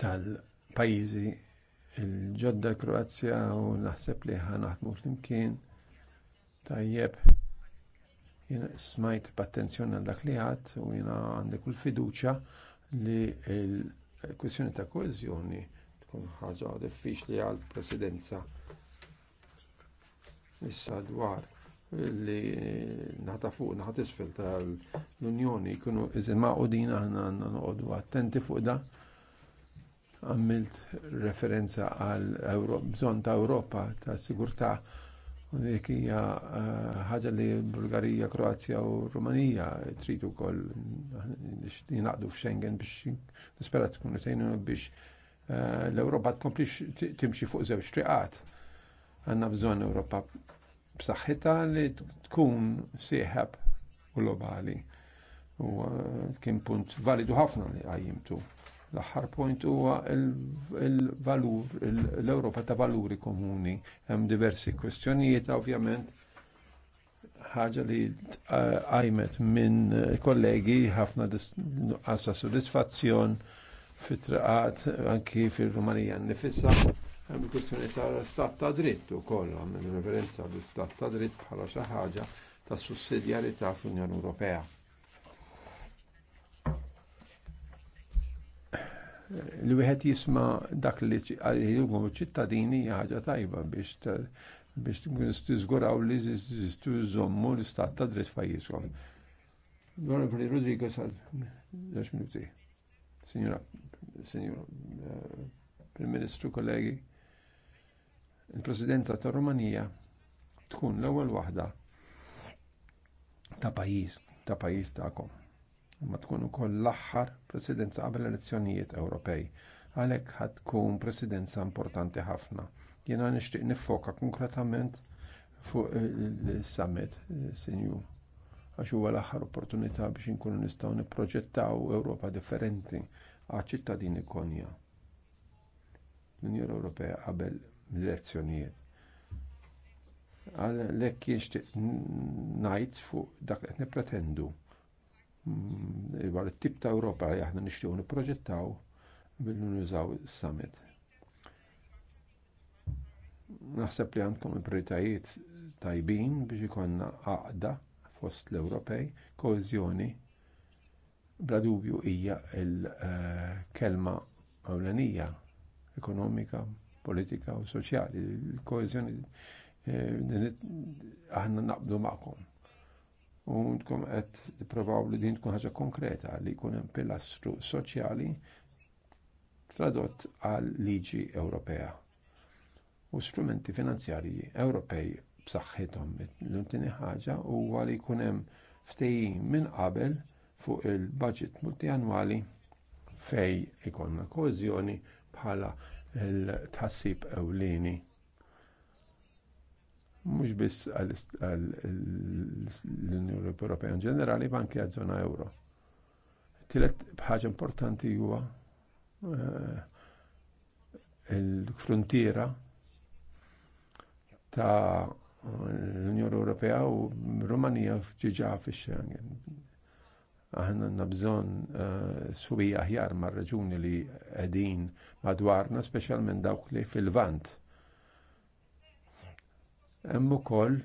tal-pajjiżi il-ġodda Kroazja u naħseb li ħanaħdmu flimkien tajjeb jena smajt b'attenzjoni għal dak li għat u jiena għandek kull fiduċja li l-kwistjoni ta' koezjoni tkun ħaġa diffiċli għall presidenza issa dwar li naħta fuq naħat isfel tal-Unjoni jkunu iżin maqodin aħna għandna noqogħdu attenti fuq da. Għamilt referenza għal bżonn ta' Ewropa ta' sigurtà dik hija eh, ħaġa li Bulgarija, Kroazja u Rumanija tridu wkoll jingħaqdu f'Schengen biex nispera tkun tgħinu biex eh, l-Ewropa tkompli timxi fuq żewġ triqat. Għandna bżonn Ewropa b'saħħitha li tkun sieħab globali. U uh, kien punt validu ħafna li għajjimtu. L-aħħar point huwa l valur l-Ewropa ta' valuri komuni. Hemm diversi kwestjonijiet ovvjament ħaġa li għajmet minn kollegi ħafna għasta soddisfazzjon fit-traqat anki fil-Rumanija nifissa Hemm kustjoni ta' stat ta' dritt u ukoll għamil referenza bi stat ta' dritt bħala xaħġa ta' sussidjarita fl-Unjoni Ewropea. L-wihet jisma' dak li għal għalihom ċittadini hija tajba biex biex tiżguraw li t-zommu l-istat ta' dritt fajjiskom. Għorri Fri Rodrigo sal 10 minuti. Signora, signora, eh, Prim Ministru, kollegi il-presidenza ta' Rumanija tkun l-ewwel waħda ta' pajjiż ta' pajjiż tagħkom. Ma tkun ukoll l-aħħar presidenza qabel elezzjonijiet Ewropej. Għalhekk ħad tkun presidenza importanti ħafna. Jiena nixtieq nifoka konkretament fuq il-summit sinju għax huwa l-aħħar opportunità biex inkunu nistgħu nipproġettaw Ewropa differenti għaċ ċittadini konja. L-Unjoni Ewropea qabel l-elezzjonijiet. Għalhekk jinxtieq ngħid fuq dak li qed nippretendu. Għal mm, tip ta' Ewropa li aħna nixtiequ nipproġettaw bil nużaw is-summit. Naħseb li għandkom il-prioritajiet tajbin biex ikonna għaqda fost l-Ewropej, koeżjoni bla dubju hija l-kelma eh, ewlenija ekonomika, politika u soċjali, il-koezjoni eh, aħna naqbdu maqom. U nkom qed provaw li din tkun ħaġa konkreta li jkun hemm pilastru soċjali tradott għal liġi Ewropea u strumenti finanzjarji Ewropej b'saħħithom. L-untini ħaġa huwa li jkun hemm ftejin minn qabel fuq il-budget multianwali fej ikonna koeżjoni bħala il-tħassib ewlieni. Mhux biss għall-Unjoni Ewropea in ġenerali, ma anke għaż-żona euro. Tilet bħaġa importanti huwa eh, il-frontiera ta' l-Unjoni Ewropea u Rumanija ġiġa fi Schengen aħna nabżon bżonn eh, suwi aħjar mar-raġuni li qegħdin madwarna, specialment dawk li fil-vant. Hemm ukoll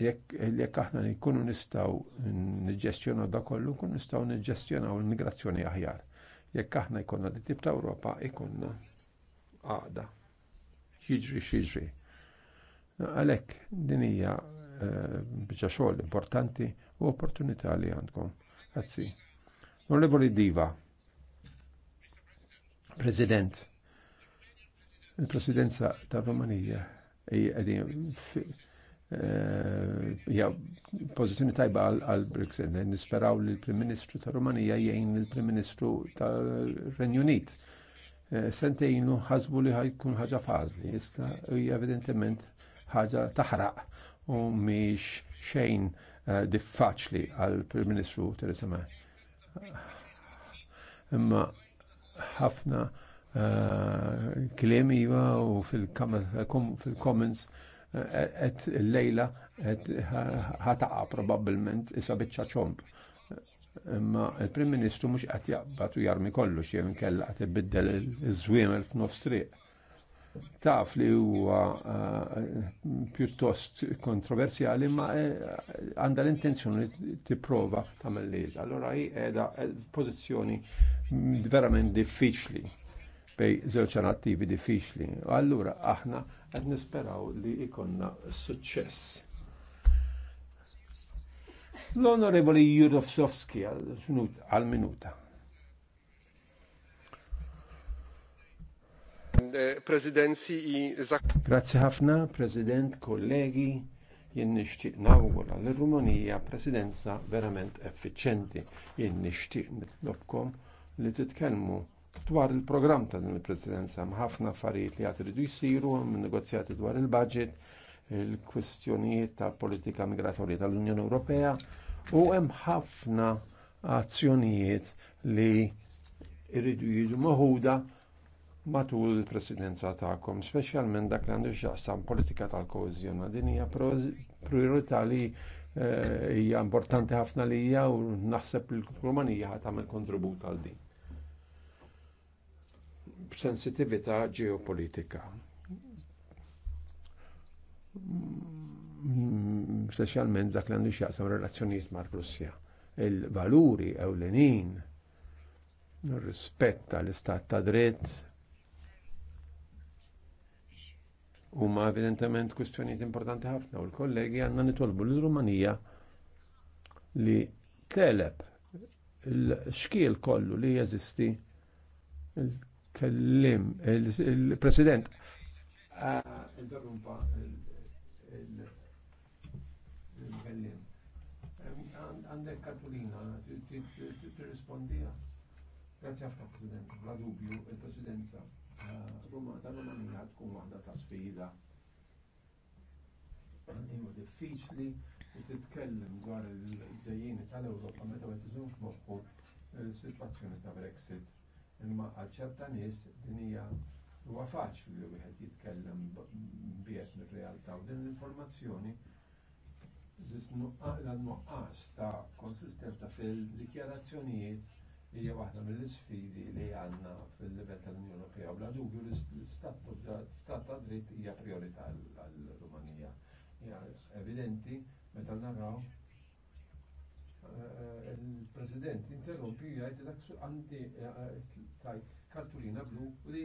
jekk aħna nikunu nistgħu niġġestjonaw da kollu, nkunu nistgħu niġġestjonaw l-migrazzjoni aħjar. Jekk aħna jkollna di tip ta' Ewropa ikunna għaqda. Xiġri xiġri. Għalhekk din hija eh, xogħol importanti u opportunità li għandkom. Grazzi. Onorevoli Diva. President. Il-presidenza ta' Romanija hija eh, pozizjoni tajba għal Brexit. Nisperaw li l-Prim Ministru ta' Romanija jgħin l prim Ministru ta' Renju Unit. Eh, Sentejnu ħazbu li ħajkun ħagġa fażli, issa evidentement ħagġa taħraq u miex xejn Eh, diffaċli għal Prim Ministru Theresa May. Imma ħafna eh, kliem iva u fil-Commons eh, et lejla et ħataqa probabbilment isa biċċa ċomp. Imma il-Prim Ministru mhux qed jaqbad u jarmi kollox jew inkella qed ibiddel iż-żwiemel f'nofs triq taf li huwa eh, pjuttost kontroversjali ma eh, għandha l-intenzjoni tipprova tagħmel lejl. Allora hi qiegħda eh, pożizzjoni verament diffiċli bej żewġ attivi diffiċli. Allura aħna qed nisperaw li jkollna suċċess. L-Onorevoli Jurovsovski għal-minuta. Eh, prezidenzi i Grazzi ħafna, President, kollegi, jien nixtieq nawgura l rumunija presidenza verament effiċenti. Jien nixtieq nitlobkom li titkellmu dwar il-programm ta' din il-presidenza ħafna affarijiet li għad iridu jsiru minn negozjati dwar il-budget, il-kwistjonijiet ta' politika migratorja tal-Unjoni Ewropea u hemm ħafna azzjonijiet li irridu jiġu moħuda matul il-presidenza tagħkom, speċjalment dak li għandu x'jaqsam politika tal-koeżjoni. Din hija priorità li eh, hija importanti ħafna li hija u naħseb li l-Rumanija ħad tagħmel kontribut għal din. Sensitività ġeopolitika. Mm, speċjalment dak li għandu x'jaqsam relazzjonijiet mar-Russja. Il-valuri ewlenin rispetta l-istat ta' dritt, huma evidentement kwistjonijiet importanti ħafna u l-kollegi għandna nitolbu l rumanija li teleb l-xkiel kollu li jeżisti il-kellim, il-president. Interrumpa il-kellim. Għandek Katulina, t Grazie a Presidente, la dubbio, il-Presidenza. Rumanija tkun waħda ta' sfida. Huwa diffiċli li titkellem dwar il-ġejjieni tal-Ewropa meta ma tiżux moħħu l-sitwazzjoni eh, ta' Brexit. Imma għal ċerta nies din hija huwa faċli li wieħed jitkellem biet mir-realtà u din l-informazzjoni l-nuqqas eh, ta' konsistenza fil-dikjarazzjonijiet hija waħda mill-isfidi li għandna fil-livell tal-Unjoni Ewropea. Bla dubju l-istat ta' dritt hija priorità għall-Rumanija. evidenti meta naraw eh, il-President interrompi jgħid dak għandi eh, eh, tajt kartulina blu li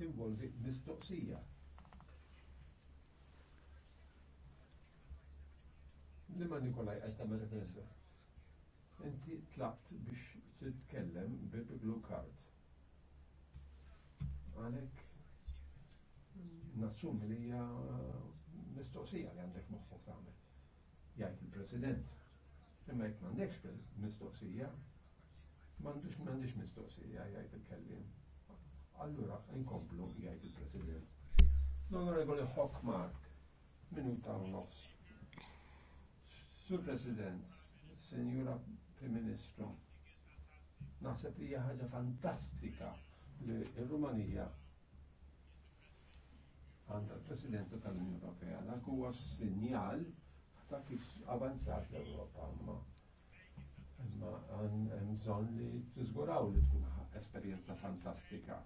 tinvolvi mistoqsija. Liman Nikolaj għajt ta' referenza. Inti tlabt biex titkellem bil-blue card. Għalek nassum li hija mistoqsija li għandek moħħok tagħmel. Jgħid il-President. Imma jekk m'għandekx mistoqsija, m'għandux m'għandix mistoqsija jgħid il-kellim. Allura inkomplu jgħid il-President. L-Onorevoli Hockmark, minuta u nofs. Sur President, Senjura Prim Ministru, Naħseb li ħaġa fantastika li r-Rumanija għandha l-Presidenza tal-Unjoni Ewropea. Dak huwa sinjal ta' kif avanzat l-Ewropa imma imma hemm bżonn li tiżguraw li tkun esperjenza fantastika.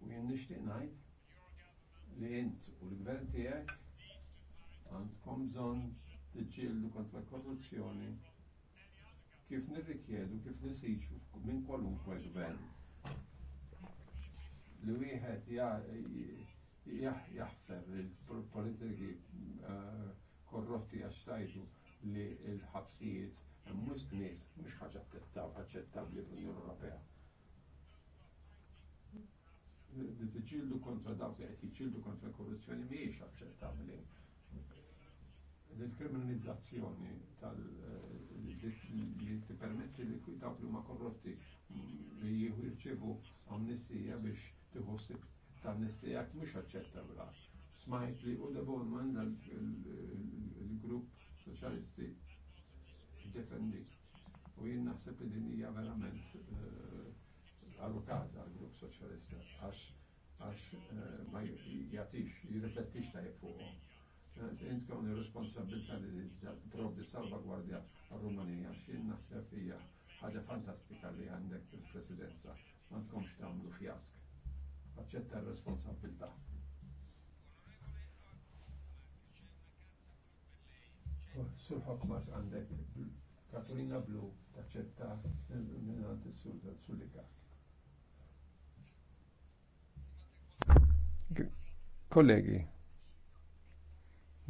U jien nixtieq ngħid li int u l-gvern tiegħek għandkom bżonn tiġġieldu kontra l-korruzzjoni kif nirrikjedu, kif nisiċu minn kwalunkwe gvern. Li wieħed jaħfer il-politiki eh, korrotti għax tajdu li l-ħabsijiet mux nies mhux ħaġa aċċettabbli fl-Unjoni Ewropea. Tiġildu kontra dawk li qed kontra korruzzjoni mhijiex aċċettabbli l-kriminalizzazzjoni eh, li t-permetti li dawk li huma korrotti mm, li jieħu jirċevu amnistija biex tieħu stib ta' amnistija mhux aċċettabbla. Smajt li u debonman l-grupp soċjalisti defendi. U jien naħseb li din hija verament għallu eh, kaza għal-grupp soċjalista għax eh, ma jagħtix, jirreflettix ta' fuqhom intkom responsabilta li provdi salvagwardja għal-Rumanija, xin naħseb hija ħaġa fantastika li għandek il-presidenza, ma tkomx tagħmlu fjask. Aċċetta r-responsabilta. Sur Hokmar għandek Katolina Blu taċċetta minnant il-Sulika. Kollegi,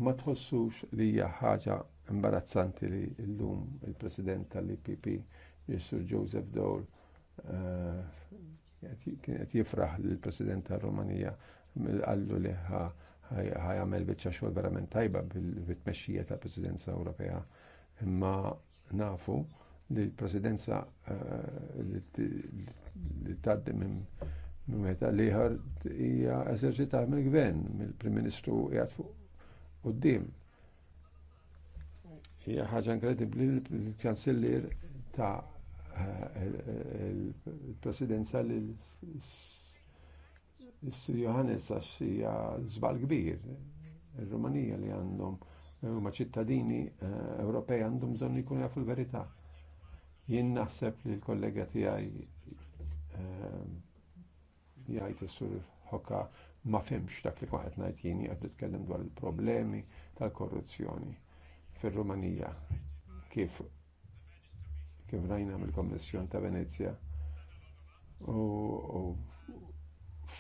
ma tħossux li hija ħaġa imbarazzanti li llum il-President tal-IPP, Sir Joseph Dole, eh, qed jifraħ li l-President tal-Romanija għallu li ħajamel biċċa xogħol verament tajba bit-tmexxija tal-Presidenza Ewropea. Imma nafu li l-Presidenza eh, li tgħaddi minn meta liħar hija eżerċitata mill-Gvern, mill-Prim Ministru qiegħed fuq qudiem. Hija ħaġa inkredibbli l-kanzillier ta' il-presidenza li Sir Johannes għax hija żbal kbir. Ir-Rumanija li għandhom huma ċittadini eh, Ewropej għandhom bżonn jkunu jafu l-verità. Jien naħseb li l-kollega tiegħi eh, jgħid is-sur hoka ma fimx dak li kwaħet ngħid jien qed tkellem dwar il-problemi tal-korruzzjoni fir-Rumanija kif kif rajna mill-Kommissjon ta' Venezia u,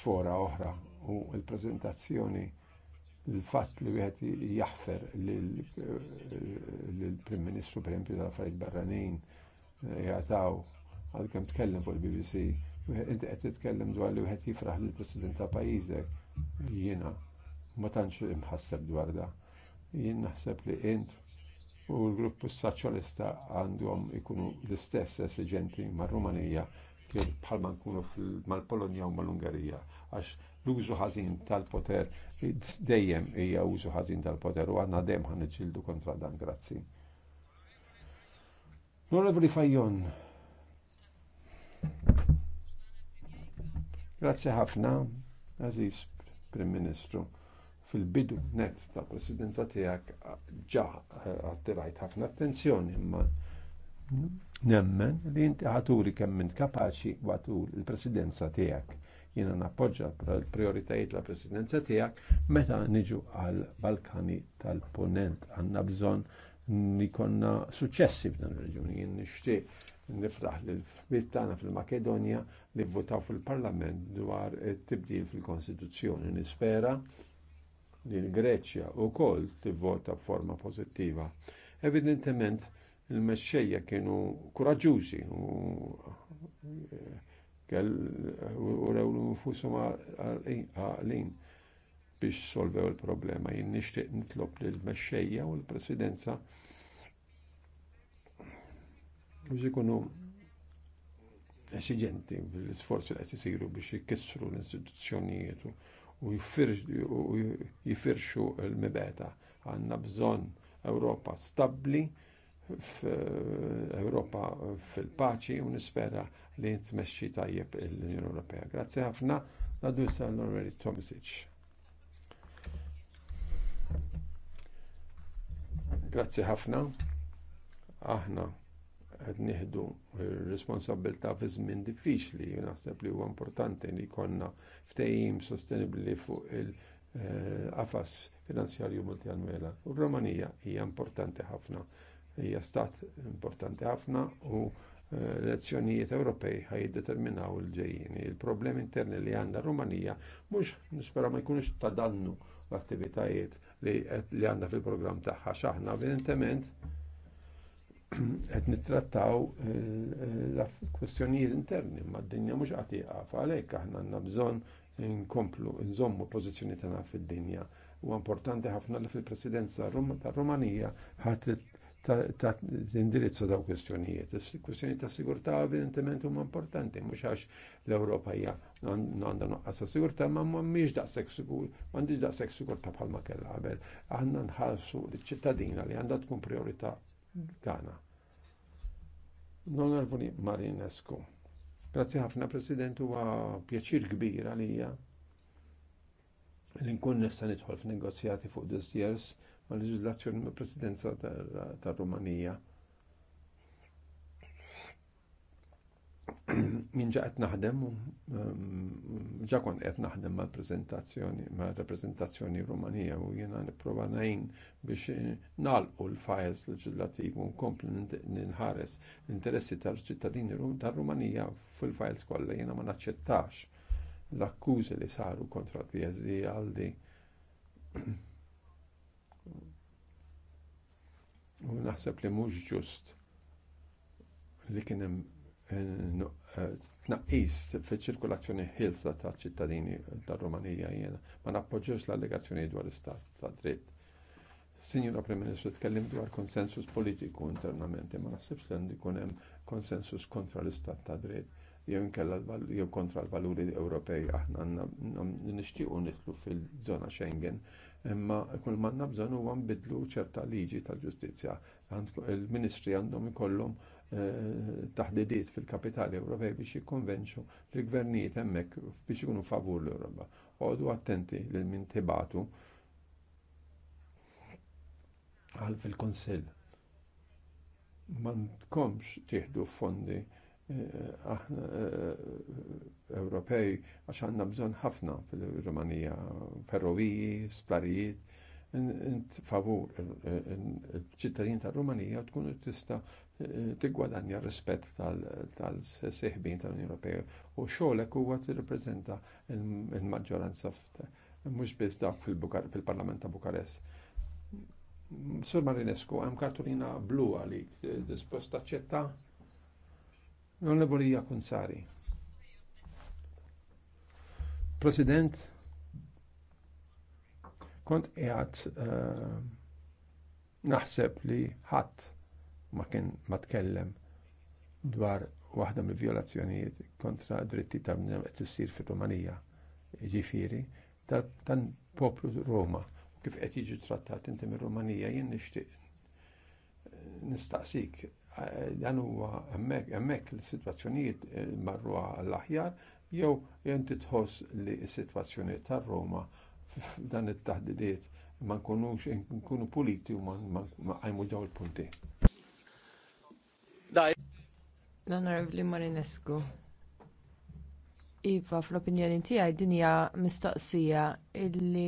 fora oħra u l prezentazzjoni l-fatt li wieħed jaħfer lill-Prim Ministru pereempju tal-Affarijiet Barranin jagħtaw għalkemm tkellem fuq il-BBC Inti qed titkellem dwar li wieħed jifraħ lill president ta' pajjiżek. Jiena ma tantx imħasseb dwar da. Jien naħseb li int u l-grupp soċjalista għandhom ikunu l-istess esiġenti mar-Rumanija kif bħalma nkunu mal-Polonja u mal-Ungerija għax l-użu ħażin tal-poter dejjem hija użu ħażin tal-poter u għandna dejjem ħaniġġieldu kontra dan grazzi. L-Onorevoli Fajjon, Grazzi ħafna, Aziz Prim Ministru. Fil-bidu net tal-presidenza tiegħek ġa għattirajt eh, ħafna attenzjoni imma nemmen li inti ħaturi kemm minn kapaċi watul il-presidenza tiegħek. Jiena nappoġġa l-prioritajiet tal presidenza tiegħek meta niġu għal Balkani tal-Ponent. Għandna bżonn nikonna suċċessi f'dan ir reġuni Jien nixtieq nifraħ li l-ħbib tagħna fil-Makedonja li votaw fil-Parlament dwar it-tibdil fil-Kostituzzjoni. Nispera li l-Greċja wkoll tivvota b'forma pożittiva. Evidentement il-mexxejja kienu kuraġużi u eh, rew nfushom għalin biex solvew il-problema. Jien nixtieq nitlob lill mexxejja u l-Presidenza biex ikunu esigenti fil-sforzi li qed isiru biex jkissru l-istituzzjonijiet u jifirxu l-mibeta. Għandna bżonn Ewropa stabbli, Ewropa fil-paċi u nispera li tmexxi tajjeb l-Unjoni Ewropea. Grazzi ħafna, nadu sal l-Onorari Tomisic. Grazzi ħafna, aħna qed nieħdu responsabilità fi żmien diffiċli, naħseb li huwa importanti li jkollna ftehim sostenibbli fuq il-qafas finanzjarju multjanwela. U Romanija hija importanti ħafna, hija stat importanti ħafna u eh, elezzjonijiet Ewropej ħajdeterminaw il ġejjin Il-problemi interni li għandha Rumanija mhux nispera ma jkunux ta' dannu l-attivitajiet li għandha fil-programm tagħha x'aħna evidentement qed nittrattaw eh, eh, la kwestjonijiet interni, ma d-dinja mhux qed jaqaf għalhekk aħna għandna bżonn nkomplu nżommu pożizzjoni tagħna fid-dinja. Huwa importanti ħafna li fil-Presidenza tar-Rumanija ħadd ta' indirizzo daw kwestjonijiet. Kwestjoni ta' sigurtà evidentement huma importanti, mhux għax l-Ewropa hija għandha noqqas ta' sigurtà, ma mhix daqshekk sigur, m'għandix daqshekk sigurtà bħalma kellha qabel. Aħna nħallsu l-ċittadina li għandha tkun priorità Ghana. L-Onorevoli Marinescu. Grazzi ħafna President huwa pjaċir kbir għalija li nkun nista' nidħol f'negozjati fuq years ma' leġiżlazzjoni ma' Presidenza tar-Rumanija. Ta jien ġa qed naħdem ehm, ġa kont qed naħdem mal prezentazzjoni mal-rappreżentazzjoni Rumanija u jiena nipprova ngħin biex nalqu l-files leġislattiv u nkompli ninħares l-interessi tal-ċittadini tar-Rumanija fil-files kollha jiena ma naċċettax l-akkużi li saru kontra PSD għaldi u naħseb li mhux ġust li kien Eh, eh, tnaqqis fiċ-ċirkulazzjoni ħilsa ta' ċittadini tar-Rumanija jiena ma nappoġġewx l-allegazzjoni dwar istat ta' dritt. Sinjura Prim Ministru tkellim dwar konsensus politiku internament, ma naħsibx li għandi jkun hemm konsensus kontra l-istat ta' dritt jew inkella jew kontra l-valuri Ewropej aħna għandna nixtiequ nitlu fil-żona Schengen, imma kull ma għandna bżonn huwa ċerta liġi tal-ġustizzja. Il-Ministri għandhom ikollhom taħdidiet fil-kapitali Ewropej biex jikkonvenċu li gvernijiet hemmhekk biex ikunu favur l-Ewropa. Għodu attenti li min tibatu għal fil kunsill Ma tkomx tieħdu fondi eh, aħna eh, Ewropej għax għandna bżonn ħafna fil-Rumanija, ferroviji, splarijiet, int favur eh, il-ċittadin tar Rumanija tkun tista' tigwadanja rispett tal seħbin tal-Unjoni Ewropea u xogħlek huwa tirrappreżenta il maġġoranza mhux biss dawk fil-Parlament ta' Bukarest. Sur Marinescu, għam kartulina blu għali, eh, disposta ċetta? Non le volija kun sari. President, kont qiegħed eh, naħseb li ħadd ma kien ma tkellem dwar waħda mill-violazzjonijiet kontra dritti ta' bnedem qed fir-Rumanija, ġifieri tan poplu Roma kif qed jiġu trattat inti mir-Rumanija jien nixtieq eh, nistaqsik eh, dan huwa hemmhekk l-sitwazzjonijiet eh, marruha għall-aħjar jew inti tħoss li s-sitwazzjoni tar-Roma dan it-taħdidiet ma nkunux nkunu puliti u ma nqajmu daw il-punti. L-Onorevli Marinescu. Iva, fl-opinjoni tiegħi dinja mistoqsija illi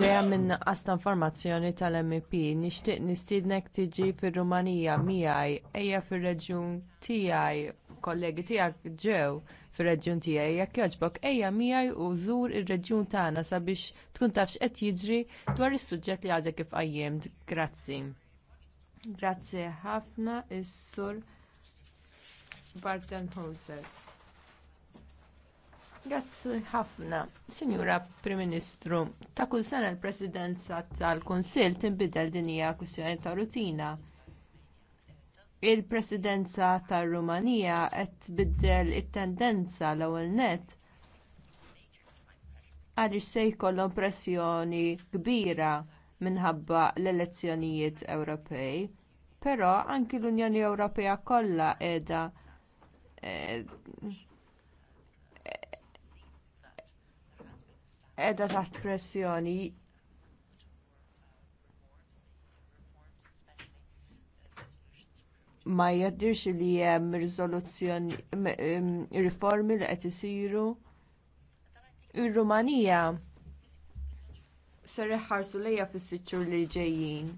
ġejja minn għasta informazzjoni tal mp nixtieq nistiednek tiġi fir-Rumanija miegħi ejja fir-reġjun tiegħi kollegi tiegħek ġew fir-reġjun tiegħi jekk jogħġbok ejja miegħi u żur ir-reġjun tagħna sabiex tkun taf x'qed jiġri dwar is-suġġett li għadek kif għajjem Grazzi. Grazzi ħafna is-sur Bartenhauser. Grazzi ħafna, Sinjura Prim Ministru. Ta' kull sena l-Presidenza tal-Kunsill tinbidel din hija kwistjoni ta' rutina. Il-Presidenza tar-Rumanija qed tbiddel it-tendenza l-ewwel nett għaliex se jkollhom pressjoni kbira minħabba l-elezzjonijiet Ewropej, però anki l-Unjoni Ewropea kollha qiegħda eh, qiegħda taħt pressjoni ma jidhirx li hemm riżoluzzjoni riformi li qed isiru ir-rumanija ser iħarsu lejha fis siċċur li ġejjin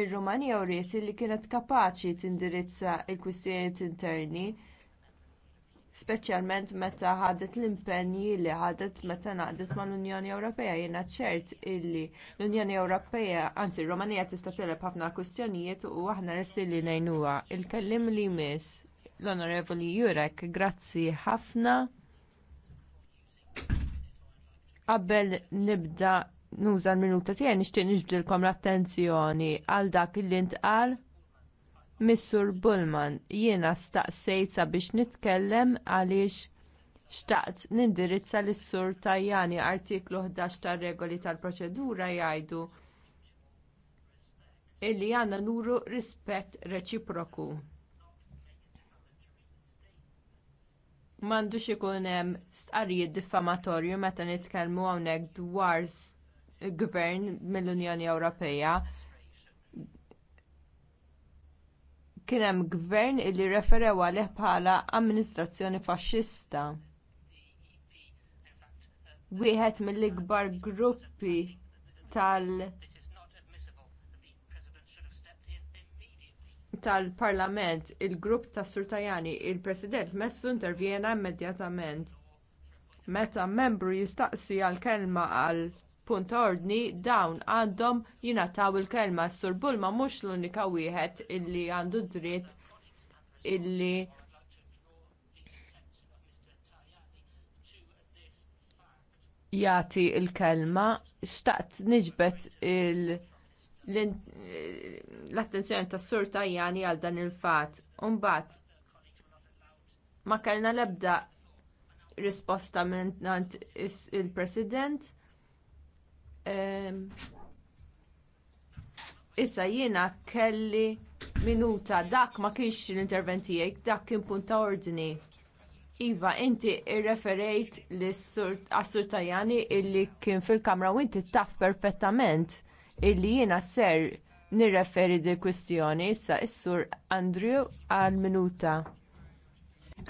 ir-rumanija wriet li kienet kapaċi tindirizza l-kwistjonijiet interni speċjalment meta ħadet l-impenji li ħadet meta ngħaqdet mal-unjoni ewropea jiena ċert illi l-unjoni ewropea anzi r-rumanija tista' telep ħafna kwistjonijiet u aħna lesti li ngħinuha il kellim li jmiss l-onorevoli jurek grazzi ħafna qabel nibda nuża l-minuta tiegħi nixtieq niġbdilkom l-attenzjoni għal dak li ntqal Missur Bullman jiena staqsejt sabiex nitkellem għaliex xtaqt nindirizza lis sur Tajani artiklu 11 tar-regoli tal-proċedura jgħidu illi għandna nuru rispett reċiproku. M'għandux ikun hemm stqarrijiet diffamatorju meta nitkellmu hawnhekk dwar gvern mill-Unjoni Ewropea kien hemm gvern li referew għalih bħala amministrazzjoni faxxista. Wieħed mill-ikbar gruppi tal- tal-Parlament, il-grupp ta' Surtajani, il-President messu intervjena immedjatament. Meta membru jistaqsi għal kelma għal punt ta' ordni dawn għandhom jingħataw il-kelma sur Bulma mhux l-unika wieħed illi għandu dritt illi jagħti l kelma xtaqt niġbet l-attenzjoni tas sur Tajani għal dan il-fatt. Umbagħad ma kellna l-ebda risposta minn il-President Issa jiena kelli minuta dak ma kienx l-intervent dak kien punt ta' ordni. Iva, inti irreferejt għas-sur Tajani illi kien fil-kamra u inti taf perfettament illi jiena ser nirreferi dil kwistjoni issa is-sur Andrew għal minuta.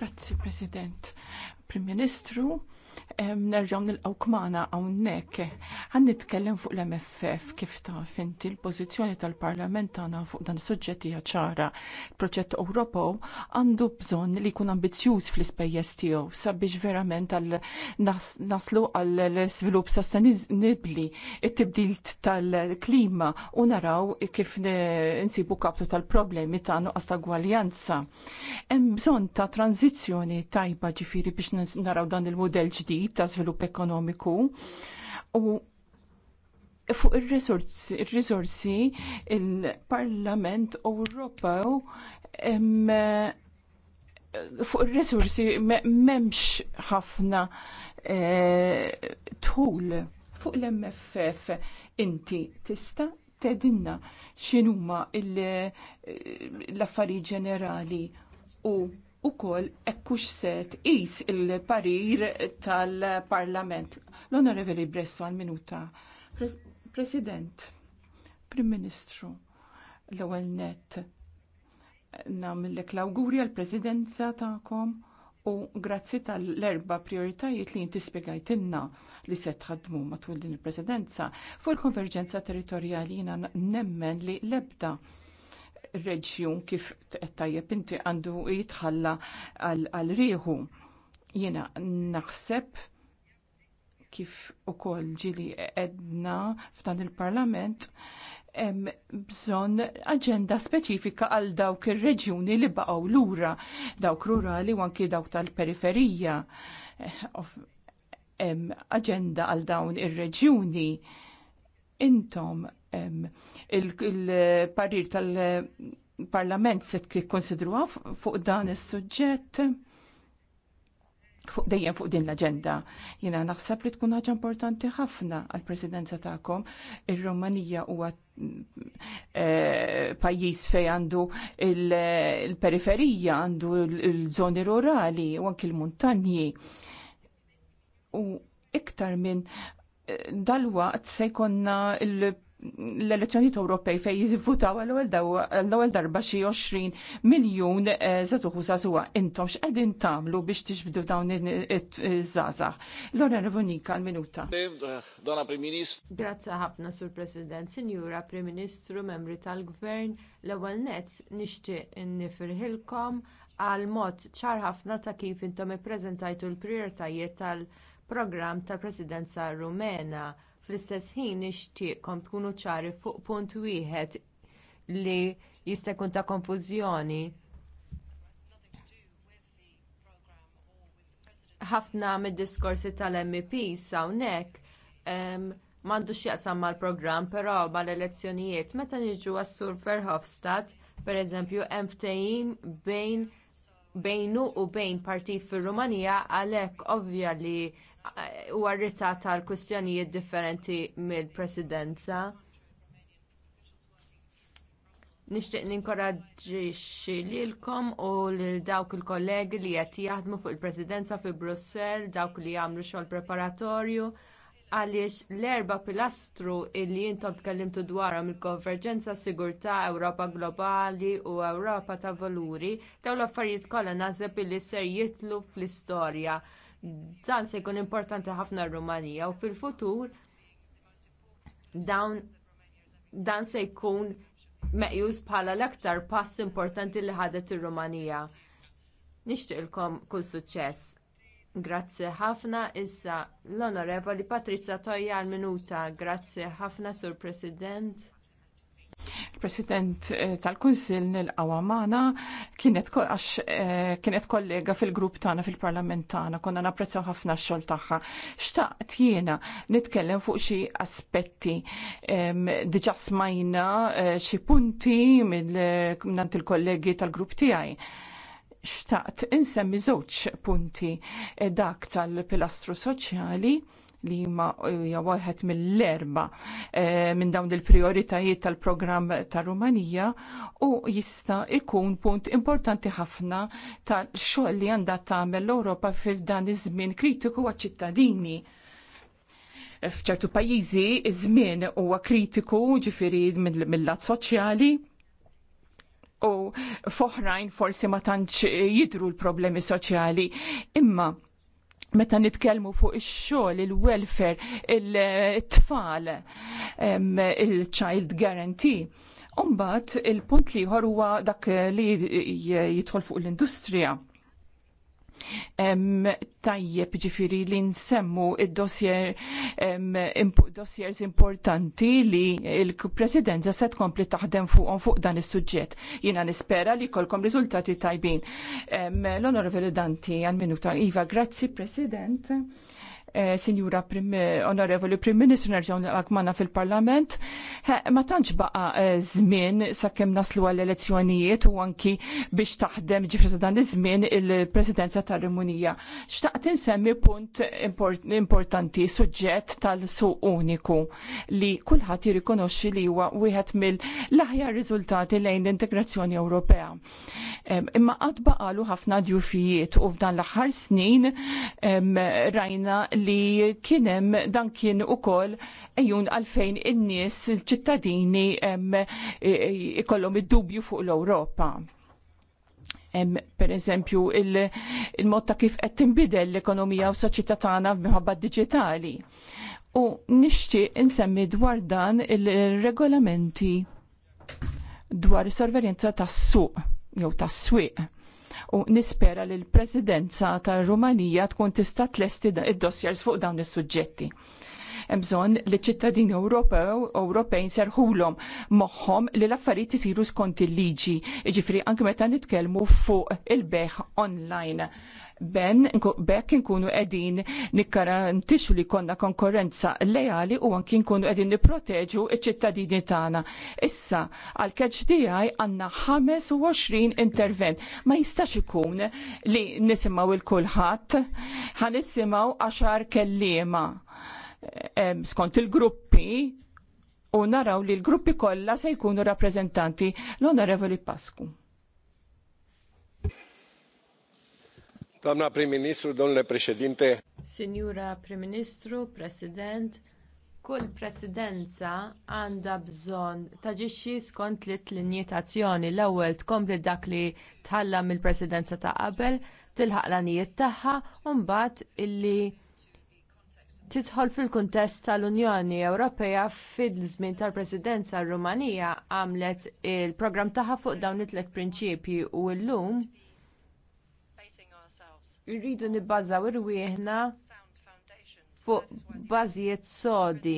Grazzi President. Prim Ministru, nerġaw nilqaw kmana għawnek. Għan nitkellem fuq l-MFF kif taf inti l-pozizjoni tal-Parlament għana fuq dan suġġetti ċara. Proġett Ewropew għandu bżon li jkun ambizjuż fl-ispejjeż tiegħu sabiex verament għal naslu għal svilupp sostenibbli it-tibdil tal-klima u naraw kif nsibu kaptu tal-problemi ta' nuqqas ta' gwaljanza. Hemm bżonn ta' tranzizzjoni tajba ġifiri biex naraw dan il-modell ġdid ta' żvilupp ekonomiku u fuq ir-risorsi il parlament Ewropew fuq ir-risorsi m'hemmx ħafna eh, tul fuq l-MFF inti tista' tedinna x'inhuma l-affarijiet ġenerali u u kol ekkux set is il-parir tal-parlament. L-Onorevoli Bresso għal minuta. Pre President, Prim Ministru, l-ewel net, namillek l-auguri għal-presidenza ta'kom u grazzi tal-erba prioritajiet li inti spiegajtinna li se tħadmu matul din il-presidenza. Fuq il-konverġenza territorjali jina nemmen li lebda ebda reġjun kif tajjeb inti għandu jitħalla għal rieħu. Jiena naħseb kif ukoll ġili edna f'dan il-parlament hemm bżonn aġenda speċifika għal dawk ir-reġjuni li baqgħu lura dawk rurali u anki dawk tal-periferija. Hemm eh, aġenda għal dawn ir-reġjuni intom il-parir tal-parlament se tikkonsidruha fuq dan is-suġġett fuq dejjem fuq din l agenda Jiena naħseb li tkun ħaġa importanti ħafna għall presidenza tagħkom. Ir-Romanija huwa eh, pajjiż fej għandu il-periferija, għandu l-żoni rurali u anki l-muntanji. U iktar minn dal-waqt se jkonna l-elezzjonijiet Ewropej fej jivvutaw l-ewwel darba xi 20 miljun żagħżugħu eh, żagħżugħa intom x'qegħdin tagħmlu biex tiġbdu dawn iż-żgħażagħ. Lora Revonika l-minuta. Dona Prim Ministru. Grazzi ħafna Sur President, Sinjura Prim Ministru, membri tal-Gvern, l-ewwel nett nixtieq nifirħilkom għal mod ċar ħafna ta' kif intom ippreżentajtu l-prijoritajiet tal- programm tal-presidenza rumena fl-istess ħin nixtieqkom tkunu ċari fuq punt wieħed li jista' jkun ta' konfużjoni ħafna mid-diskorsi tal-MEPs hawnhekk m'għandux x'jaqsam mal-programm però mal-elezzjonijiet meta niġu għas-Sur Verhofstadt pereżempju hemm ftehim bejn bejnu u bejn partit fir-Rumanija għalhekk ovvja li eh, huwa rritat għal kwistjonijiet differenti mill-presidenza. Nixtieq ninkoraġġi lilkom u lil dawk il-kollegi li qed jaħdmu fuq il-Presidenza fi Brussell, dawk li jagħmlu xogħol preparatorju għaliex l-erba' pilastru li intom tkellimtu dwarhom il-konverġenza sigurtà Ewropa globali u Ewropa ta' valuri dawn l-affarijiet kollha naħseb li ser jidħlu fl-istorja. Dan se jkun importanti ħafna r-Rumanija u fil-futur dawn dan se jkun meqjus bħala l-aktar pass importanti li ħadet ir-Rumanija. Nixtieqilkom kull suċċess. Grazzi ħafna issa l-Onorevoli Patrizia Tojja għal minuta. Grazzi ħafna sur President. Il-President eh, tal-Kunsil nil-qawa maħna kienet, eh, kienet kollega fil-grupp tagħna fil-parlament tagħna, konna napprezzaw ħafna x-xogħol tagħha. Xtaqt jiena nitkellem fuq xi aspetti diġà smajna eh, xi punti mill il-kollegi tal-grupp tiegħi xtaqt insemmi żewġ punti eh, dak tal-pilastru soċjali li ma hija eh, waħed mill-erba eh, minn dawn il-prioritajiet tal-programm ta' Rumanija u jista' ikun punt importanti ħafna tal-xogħol li għandha tagħmel l-Ewropa fil dan iż-żmien kritiku għaċ-ċittadini. F'ċertu pajjiżi iż-żmien huwa kritiku ġifieri mill-lat soċjali u foħrajn forsi ma tantx jidru l-problemi soċjali. Imma meta nitkellmu fuq ix-xogħol, il-welfare, il-tfal, il-child guarantee. Umbat il-punt liħor huwa dak li jidħol fuq l-industrija Tajjeb ġifiri li nsemmu id-dossiers dossier, importanti li il-presidenza se tkompli taħdem fuqhom fuq dan is-suġġett. Jiena nispera li kolkom riżultati tajbin. L-onorevoli Danti għal-minuta. Iva, grazzi President. Eh, Signora Sinjura eh, Onorevoli Prim Ministru nerġgħu nilqak fil-Parlament, ma tantx baqa' eh, żmien sakemm naslu għall-elezzjonijiet u anki biex taħdem ġifri dan iż-żmien il-Presidenza tar-Rumunija. Xtaqt insemmi punt importanti suġġett tal-suq uniku li kulħadd jirrikonoxxi li huwa wieħed mill-aħjar riżultati lejn l-integrazzjoni Ewropea. Imma qatt baqalu ħafna djufijiet u f'dan l-aħħar snin rajna li kienem dan kien u koll ejjun għalfejn in-nies il-ċittadini e, e, ikollhom id-dubju fuq l-Ewropa. Per eżempju, il-mod ta' kif qed tinbidel l-ekonomija u soċjetà tagħna minħabba digitali. U nixtieq insemmi dwar dan il-regolamenti dwar is-sorveljanza tas-suq jew tas-swieq u nispera li l-presidenza tal-Rumanija tkun tista' tlesti id-dossiers fuq dawn is-suġġetti bżonn li ċittadini Ewropew Ewropejn serħulhom moħħom li l-affarijiet isiru skont il-liġi, jiġifieri anke meta nitkellmu fuq il-beħ online ben bekk nkunu qegħdin nikkarantixxu li konna konkurrenza lejali u anki nkunu qegħdin nipproteġu iċ-ċittadini tagħna. Issa għal catch DI għandna 25 intervent. Ma jistax ikun li nisimgħu il kulħadd ħanisimgħu għaxar kelliema skont il-gruppi u naraw li l-gruppi kollha se jkunu rappreżentanti l-Onorevoli Pasku. Doamna prim-ministru, domnule președinte. Sinjura prim-ministru, president, kull presidenza għandha bżonn taġixxi skont li t ta' azzjoni l-ewwel tkompli dak li tħallam mill-presidenza ta' qabel tilħaq l anijiet tagħha u mbagħad illi tidħol fil-kuntest tal-Unjoni Ewropea fil-żmien tal-Presidenza r-Rumanija għamlet il-programm tagħha fuq dawn it-tliet prinċipji u llum irridu nibbażaw irwieħna fuq bażijiet sodi.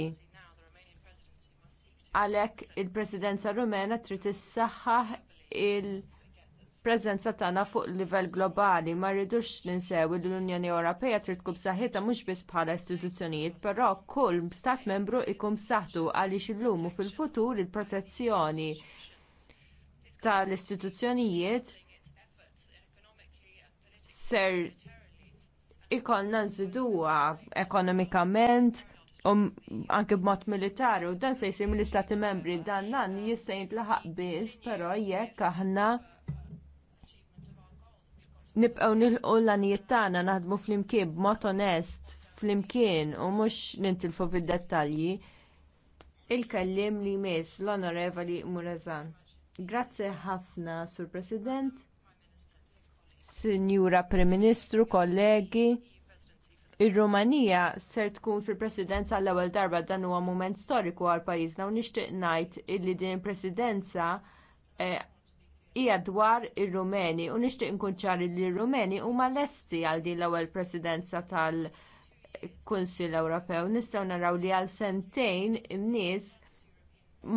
Għalhekk il-Presidenza Rumena trid issaħħaħ il-preżenza tagħna fuq livell globali ma rridux ninsew li l-Unjoni Ewropea trid tkun b'saħħitha mhux biss bħala istituzzjonijiet, però kull stat membru jkun b'saħħtu għaliex illum u fil-futur il-protezzjoni tal-istituzzjonijiet ser ikollna nżiduha ekonomikament u um, anke b'mod militari u dan se jsir mill-istati membri dan nan jista' jintlaħaq biss però jekk aħna nibqgħu nilqu l-għanijiet tagħna naħdmu flimkien b'mod onest flimkien u mhux nintilfu fid-dettalji il-kelliem li jmiss l-onorevoli Murazan. Grazzi ħafna, Sur President. Sinjura Prim Ministru, kollegi, Ir-Rumanija ser tkun fil-presidenza l-ewwel darba dan huwa mument storiku għal pajjiżna u nixtieq ngħid illi din il-presidenza eh, hija dwar ir-Rumeni u nixtieq inkun ċari li r-Rumeni huma lesti għal din l-ewwel presidenza tal-Kunsill Ewropew. Nistgħu naraw li għal sentejn in-nies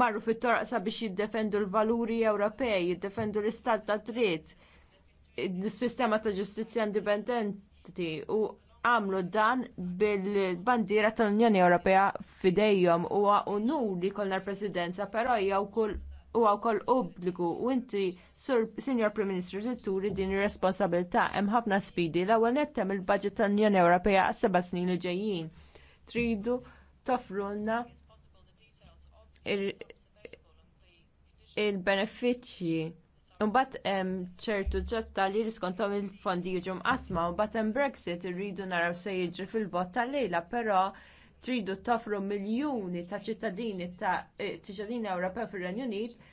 marru fit toraq sabiex jiddefendu l-valuri Ewropej, jiddefendu l-istat ta' dritt il-sistema ta' ġustizzja indipendenti u għamlu dan bil-bandiera tal-Unjoni Ewropea fidejhom huwa unur li kolna l-presidenza, però hija u huwa wkoll obbligu u inti sur Senior Prime Minister, turi din ir-responsabilità hemm ħafna sfidi l-ewwel nettem il-budget tal-Unjoni Ewropea għas seba' snin li ġejjin. Tridu toffrulna il-benefiċċji il benefiċċji Imbagħad hemm ċertu ġotta li riskontom il-fondi jiġu mqasma, mbatt hemm Brexit irridu naraw se jiġri fil-bot tal-lejla, però tridu toffru miljuni ta' ċittadini ta' e, ċittadini Ewropew fir-Renju Unit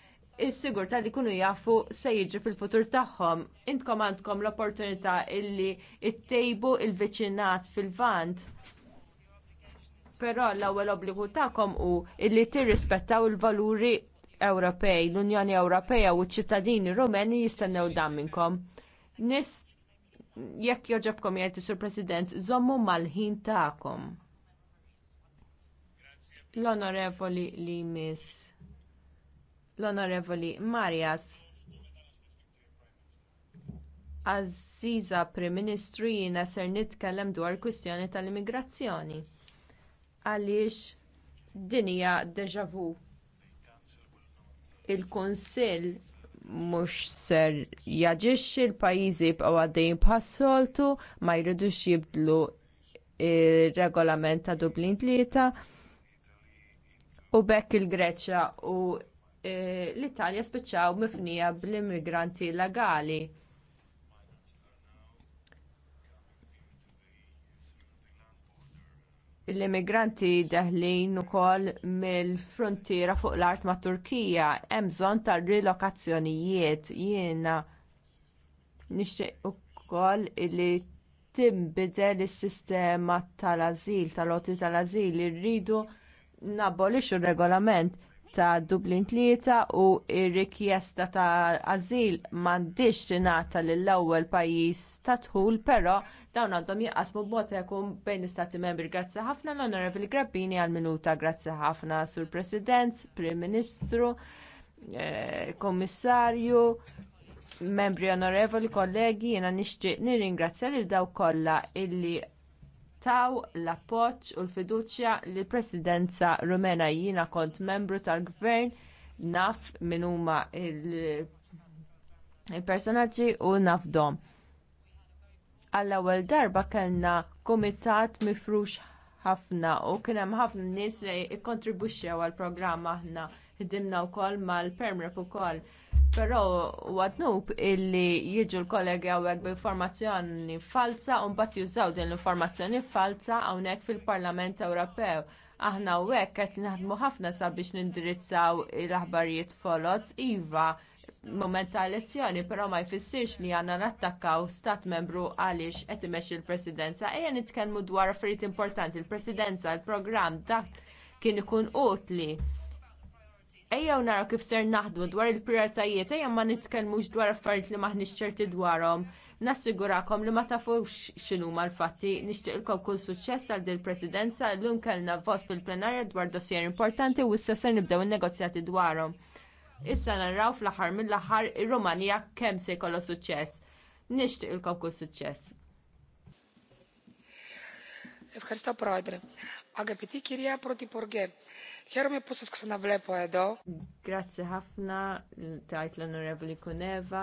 is-sigurtà li jkunu jafu se jiġri fil-futur tagħhom. Intkom għandkom l-opportunità illi ttejbu l viċinat fil-vant. Però l-ewwel obbligu tagħkom hu illi tirrispettaw il-valuri Ewropej, l-Unjoni Ewropea u ċ-ċittadini Rumeni jistennew dan minnkom. Nis jekk joġobkom jgħid sur President, żommu mal-ħin tagħkom. L-Onorevoli Limis. L-Onorevoli Marias. Aziza Prim Ministru jiena ser nitkellem dwar kwistjoni tal-immigrazzjoni. Għaliex din hija deja vu il-Kunsill mhux ser jaġixxi l-pajjiżi jibqgħu għaddejjin bħas-soltu ma jridux jibdlu ir-regolament ta' Dublin tlieta u bekk il-Greċja u eh, l-Italja spiċċaw mifnija bl-immigranti illegali. l-immigranti daħlin ukoll mill-frontiera fuq l-art mat Turkija hemm bżonn ta' rilokazzjonijiet jiena nixtieq ukoll li tinbidel is-sistema tal-ażil tal-għoti tal-ażil irridu nabolixxu r-regolament ta' Dublin 3 u r-rikjesta ta' azil m'għandix tingħata lill-ewwel pajjiż ta' dħul, però dawn għandhom jinqasmu b'mod jkun bejn l-Istati Membri. Grazzi ħafna l-Onorevoli Grabbini għall minuta grazzi ħafna sur President, Prim Ministru, eh, Kommissarju, membri onorevoli kollegi, jiena nixtieq nirringrazzja lil dawk kollha illi taw l-appoġġ u l-fiduċja li l presidenza rumena jiena kont membru tal-gvern naf min huma il-personaġġi u u dom. Għall-ewwel darba kellna kumitat mifrux ħafna u kien hemm ħafna nies li jikkontribwixxew għall-programm aħna ħdimna wkoll mal-perm rep ukoll. Però għadnub illi jiġu l-kollegi għawek b'informazzjoni falsa u mbagħad jużaw din l-informazzjoni falsa hawnhekk fil-Parlament Ewropew. Aħna hawnhekk qed naħdmu ħafna sabiex nindirizzaw l-aħbarijiet folot iva moment ta' elezzjoni, però ma jfissirx li għandna nattakkaw stat membru għaliex qed imexxi l-presidenza. Ejja nitkellmu dwar affarijiet importanti, il-presidenza, il-programm, dak kien ikun utli ejja u naraw kif ser naħdu dwar il-prioritajiet, ejja ma nitkellmux dwar affarijiet li maħniex ċerti dwarhom. Nassigurakom li ma tafux ma l-fatti, nishtiqkom kull suċċess għal din presidenza llum kellna vot fil-plenarja dwar dossier importanti u issa ser nibdew il negozjati dwarhom. Issa naraw fl-aħħar mill-aħħar ir-Rumanija kemm se kollu suċċess. Nishtiqkom kull suċċess. Ευχαριστώ Πρόεδρε. Αγαπητή κυρία Πρωθυπουργέ, Ħermi pussis ksana vlepo edo. Grazzi ħafna, tajt l-Onorevoli Kuneva.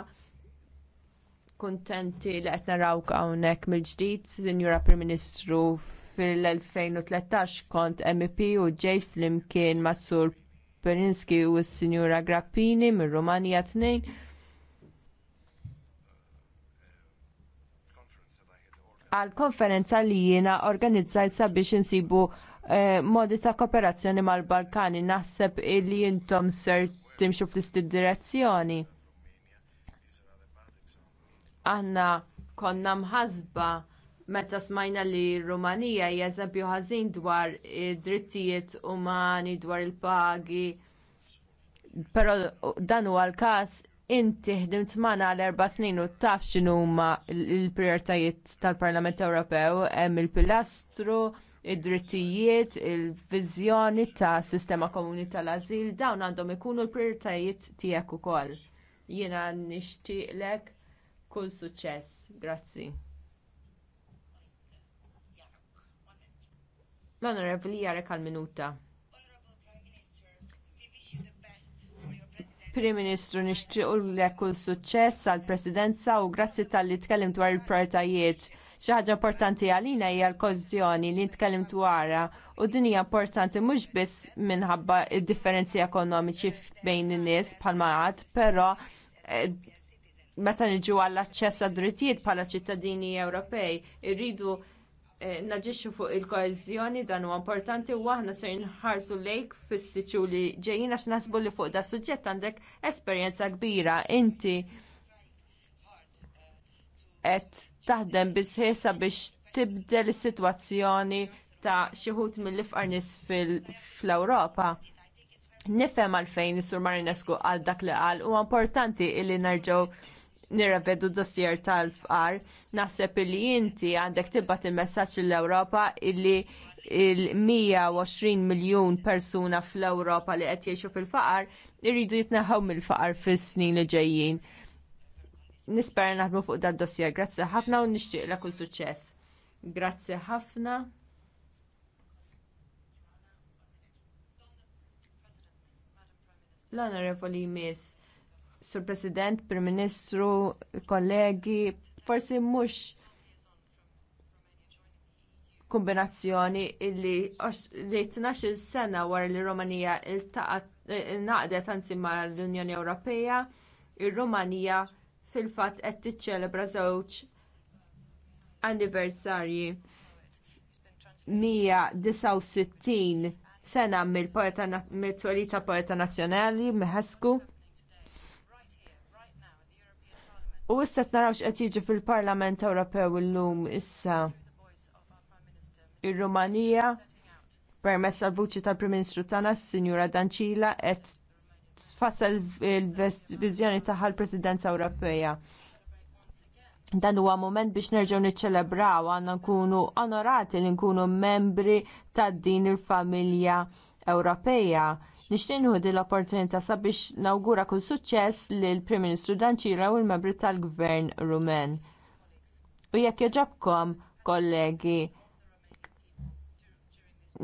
Kontenti li qed narawk hawnhekk mill-ġdid, Sinjura Prim Ministru fil-2013 kont MEP u ġej flimkien mas Sur Perinski u s-Sinjura Grappini mir rumanija tnejn. Għal konferenza li jiena organizzajt sabiex insibu Eh, modi ta' kooperazzjoni mal-Balkani naħseb illi intom ser timxu fl-istid direzzjoni. Aħna konna mħasba meta smajna li Rumanija hija eżempju ħażin dwar id-drittijiet umani, dwar il-pagi, però dan huwa l-każ inti ħdimt magħna għal erba' snin u taf x'inhuma l-prijoritajiet tal-Parlament Ewropew hemm il-pilastru, il pilastru id-drittijiet, il-viżjoni ta' sistema komuni tal-azil, dawn għandhom ikunu l-prioritajiet tiegħek ukoll. Jiena nixtieqlek kull suċċess. Grazzi. L-Onorevoli jarek għal-minuta. Prim Ministru nixtiequ kull suċċess għall presidenza u grazzi tal-li tkellim dwar il-prioritajiet Xi ħaġa importanti għalina hija l-kożjoni li nitkellem dwarha u din hija importanti mhux biss minħabba d-differenzi ekonomiċi bejn in-nies bħalma għad, però eh, meta niġu għall-aċċess għad drittijiet bħala ċittadini Ewropej irridu eh, naġixxu fuq il koezjoni dan huwa importanti u aħna se ħarsu lejk fis li ġejjina x'naħsbu li fuq da suġġett għandek esperjenza kbira inti qed taħdem bisħiesa biex tibdel is-sitwazzjoni ta' xi wħud mill-ifqar nies fl-Ewropa. Nifhem għalfejn is-Sur Marinescu għal dak li qal huwa importanti li nerġgħu nirrevedu dossier tal-fqar, naħseb li inti għandek tibbat il-messagġ l-Ewropa illi il-120 miljun persuna fl-Ewropa li qed jgħixu fil-faqar irridu jitneħħu mill-faqar fis-snin li ġejjin nispera naħdmu fuq dal dossier Grazzi ħafna u nixtieq la kull suċċess. Grazzi ħafna. L-Onorevoli Miss, Sur President, Prim Ministru, kollegi, forsi mhux kombinazzjoni illi li 12 sena wara li rumanija il naqdet anzi mal unjoni Ewropea, ir-Rumanija il fil-fatt qed tiċċelebra żewġ anniversarji 169 sena mill-twelid ta' poeta Nazzjonali Mehesku. U issa narawx qed jiġi fil-Parlament Ewropew illum issa ir-Rumanija permezz tal-vuċi tal-Prim Ministru tagħna, Sinjura Dancila qed tfassal il-viżjoni tagħha l-Presidenza Ewropea. Dan huwa mument biex nerġgħu niċċelebraw għandna nkunu onorati li nkunu membri ta' din il-familja Ewropeja. Nixtieq nieħu din l-opportunità sabiex nawgura kull suċċess lill prim Ministru Danċira u l-membri tal-Gvern Rumen. U jekk jaġabkom, kollegi,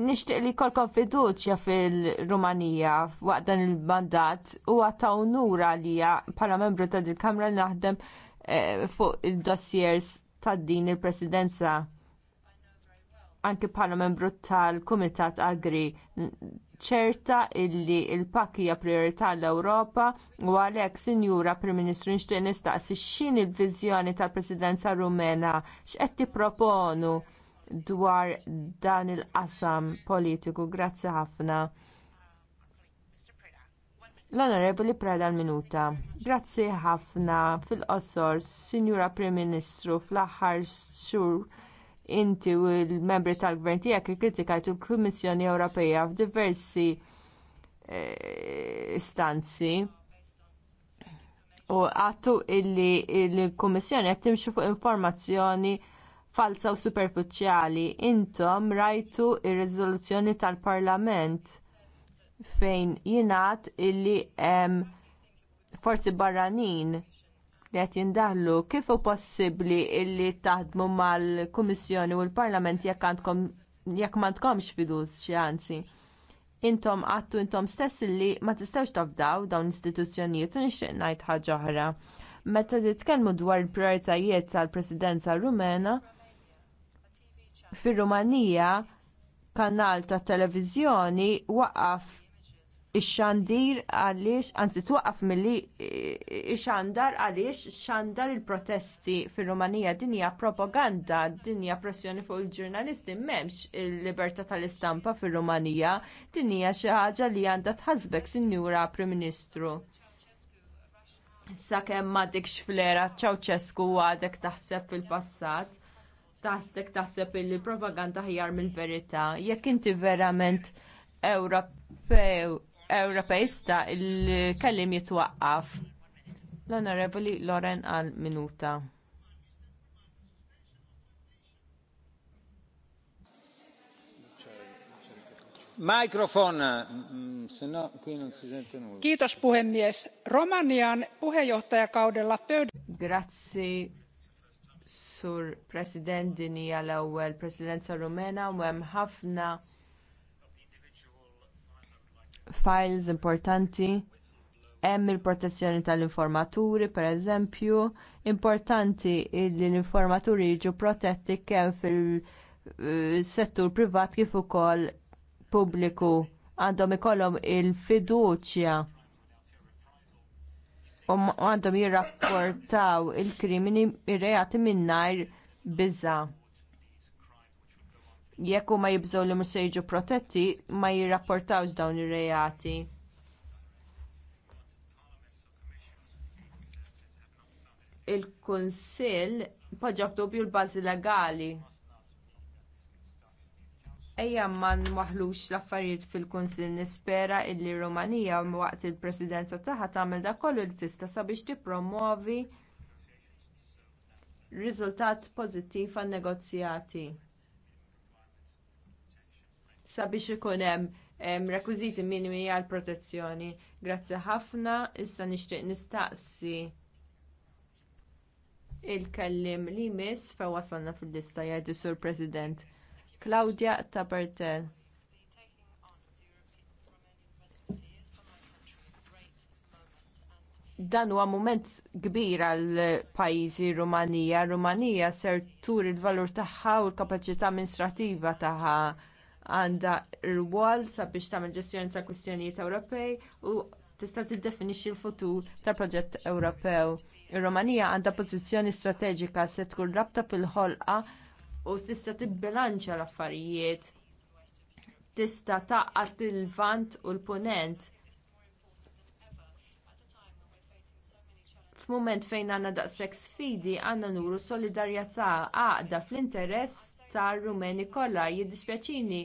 nixtieq li jkollkom fiduċja fil-Rumanija waqt dan il-mandat u għata unura li bħala membru ta' dil kamra naħdem eh, fuq id dossiers ta' din il-presidenza anke bħala membru tal-Kumitat Agri ċerta illi l pakkija priorità l-Ewropa u għalhekk Sinjura Prim Ministru nixtieq nistaqsi x'in il-viżjoni tal-Presidenza Rumena x'qed tipproponu proponu dwar dan il-qasam politiku. Grazzi ħafna. L-Onorevoli Preda l-Minuta. Grazzi ħafna fil-qosor, Sinjura Prim Ministru, fl-aħħar xhur inti u l-membri tal-gvern tiegħek ikkritikajt l-Kummissjoni Ewropea f'diversi eh, istanzi u għattu illi l-Kummissjoni qed timxi fuq informazzjoni falsa u superfiċjali intom rajtu r-riżoluzzjoni tal-parlament fejn jingħad illi hemm forsi barranin li qed jindaħlu kif hu possibbli illi taħdmu mal-Kummissjoni u l-Parlament jekk m'għandkomx fiduċja anzi. Intom għattu intom stess li ma tistgħux tafdaw dawn l-istituzzjonijiet u nixtieq ngħid ħaġa oħra. Meta titkellmu dwar il-prijoritajiet tal-Presidenza Rumena, Fir-Rumanija kanal tat televiżjoni waqaf ix-xandir għaliex, anzi twaqqaf milli eh, ix-xandar għaliex xandar il-protesti fir-Rumanija din hija propaganda, din hija pressjoni fuq il-ġurnalisti m'hemmx il-libertà tal-istampa fir-Rumanija, din hija xi ħaġa li għandha tħasbek sinjura Prim Ministru. Sakemm m'għadekx flera ċawċesku għadek taħseb fil-passat taħtek taħseb illi propaganda ħjar mill-verità. Jekk inti verament Ewropeista il-kellim jitwaqqaf. L-Onorevoli Loren għal minuta. Mikrofon, sennò qui non si sente nulla. Kiitos puhemies. Romanian puheenjohtajakaudella pöydä... Grazie Sur President din hija l-ewwel Presidenza Rumena u hemm ħafna files importanti hemm il-protezzjoni tal-informaturi pereżempju importanti li l-informaturi jiġu protetti kemm fil-settur privat kif ukoll pubbliku għandhom ikollhom il-fiduċja għandhom jirrapportaw il-krimini ir-reati biża. Jekk huma jibżgħu li mhux se jiġu protetti, ma jirrapportawx dawn ir-reati. Il-Kunsill poġġa f'dubju l-bażi legali ejja ma nwaħħlux l-affarijiet fil-kunsill nispera li r-rumanija waqt il-presidenza tagħha tagħmel dak kollu li tista' sabiex tippromovi riżultat pożittiv għan-negozjati sabiex ikun hemm rekwiżiti minimi għall protezzjoni. Grazzi ħafna, issa nixtieq nistaqsi il-kellim li jmiss fejn wasalna fil-lista jgħid is-Sur President. Claudia Tabertel. Dan huwa mument kbir għal pajjiżi Rumanija. Rumanija ser tur il-valur tagħha u l-kapaċità amministrattiva tagħha għandha rwol sabiex tagħmel ġestjoni ta' kwistjonijiet Ewropej u tista' tiddefinixxi l-futur tal-proġett Ewropew. Ir-Rumanija għandha pożizzjoni strateġika se tkun rabta fil-ħolqa u tista' tibbilanċja l-affarijiet tista' taqgħad il vant u l-punent f'mument fejn għandna daqshekk sfidi għandna nuru solidarjetà għaqda fl-interess tar-rumeni kollha jiddispjaċini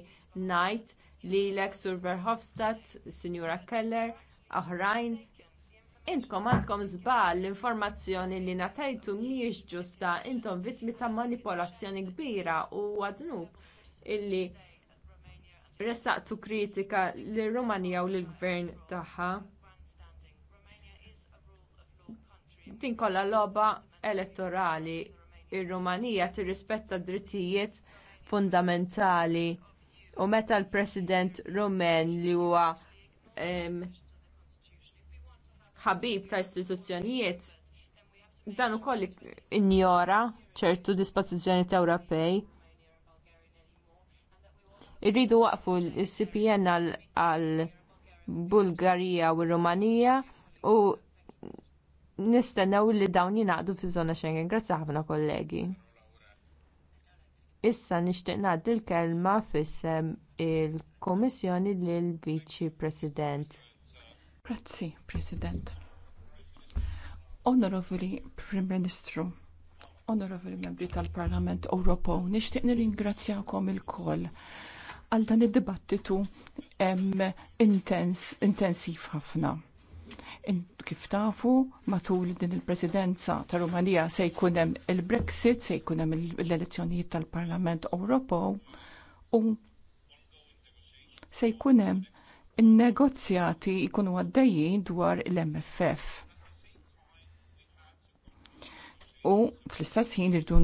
ngħid lilek sur verhofstadt sinjura keller oħrajn Intkom għandkom żball l-informazzjoni li natajtu mhijiex ġusta, intom vittmi ta' manipolazzjoni kbira u għadnub illi resaqtu kritika lir rumanija u lill-gvern tagħha. Din kollha logħba elettorali ir-Rumanija tirrispetta d drittijiet fundamentali u meta l-President Rumen li huwa ħabib ta' istituzzjonijiet dan ukoll injora ċertu dispożizzjoni ta' Ewropej. Irridu waqfu l-CPN għal Bulgarija u Rumanija u nistennew li dawn jingħaqdu fiż-żona Schengen. Grazzi ħafna kollegi. Issa nixtieq ngħaddi l-kelma fissem il-Kummissjoni lill-Viċi President. Grazzi, President. Onorevoli Prim Ministru, onorevoli membri tal-Parlament Ewropew, nixtieq nirringrazzjakom il-koll għal dan id-dibattitu intens, intensiv ħafna. In, kif tafu, matul din il-presidenza ta' Rumanija se jkun hemm il-Brexit, se jkun hemm l-elezzjonijiet tal-Parlament Ewropew u se jkun hemm in-negozjati jkunu għaddejjin dwar l-MFF. U fl-istess ħin irdu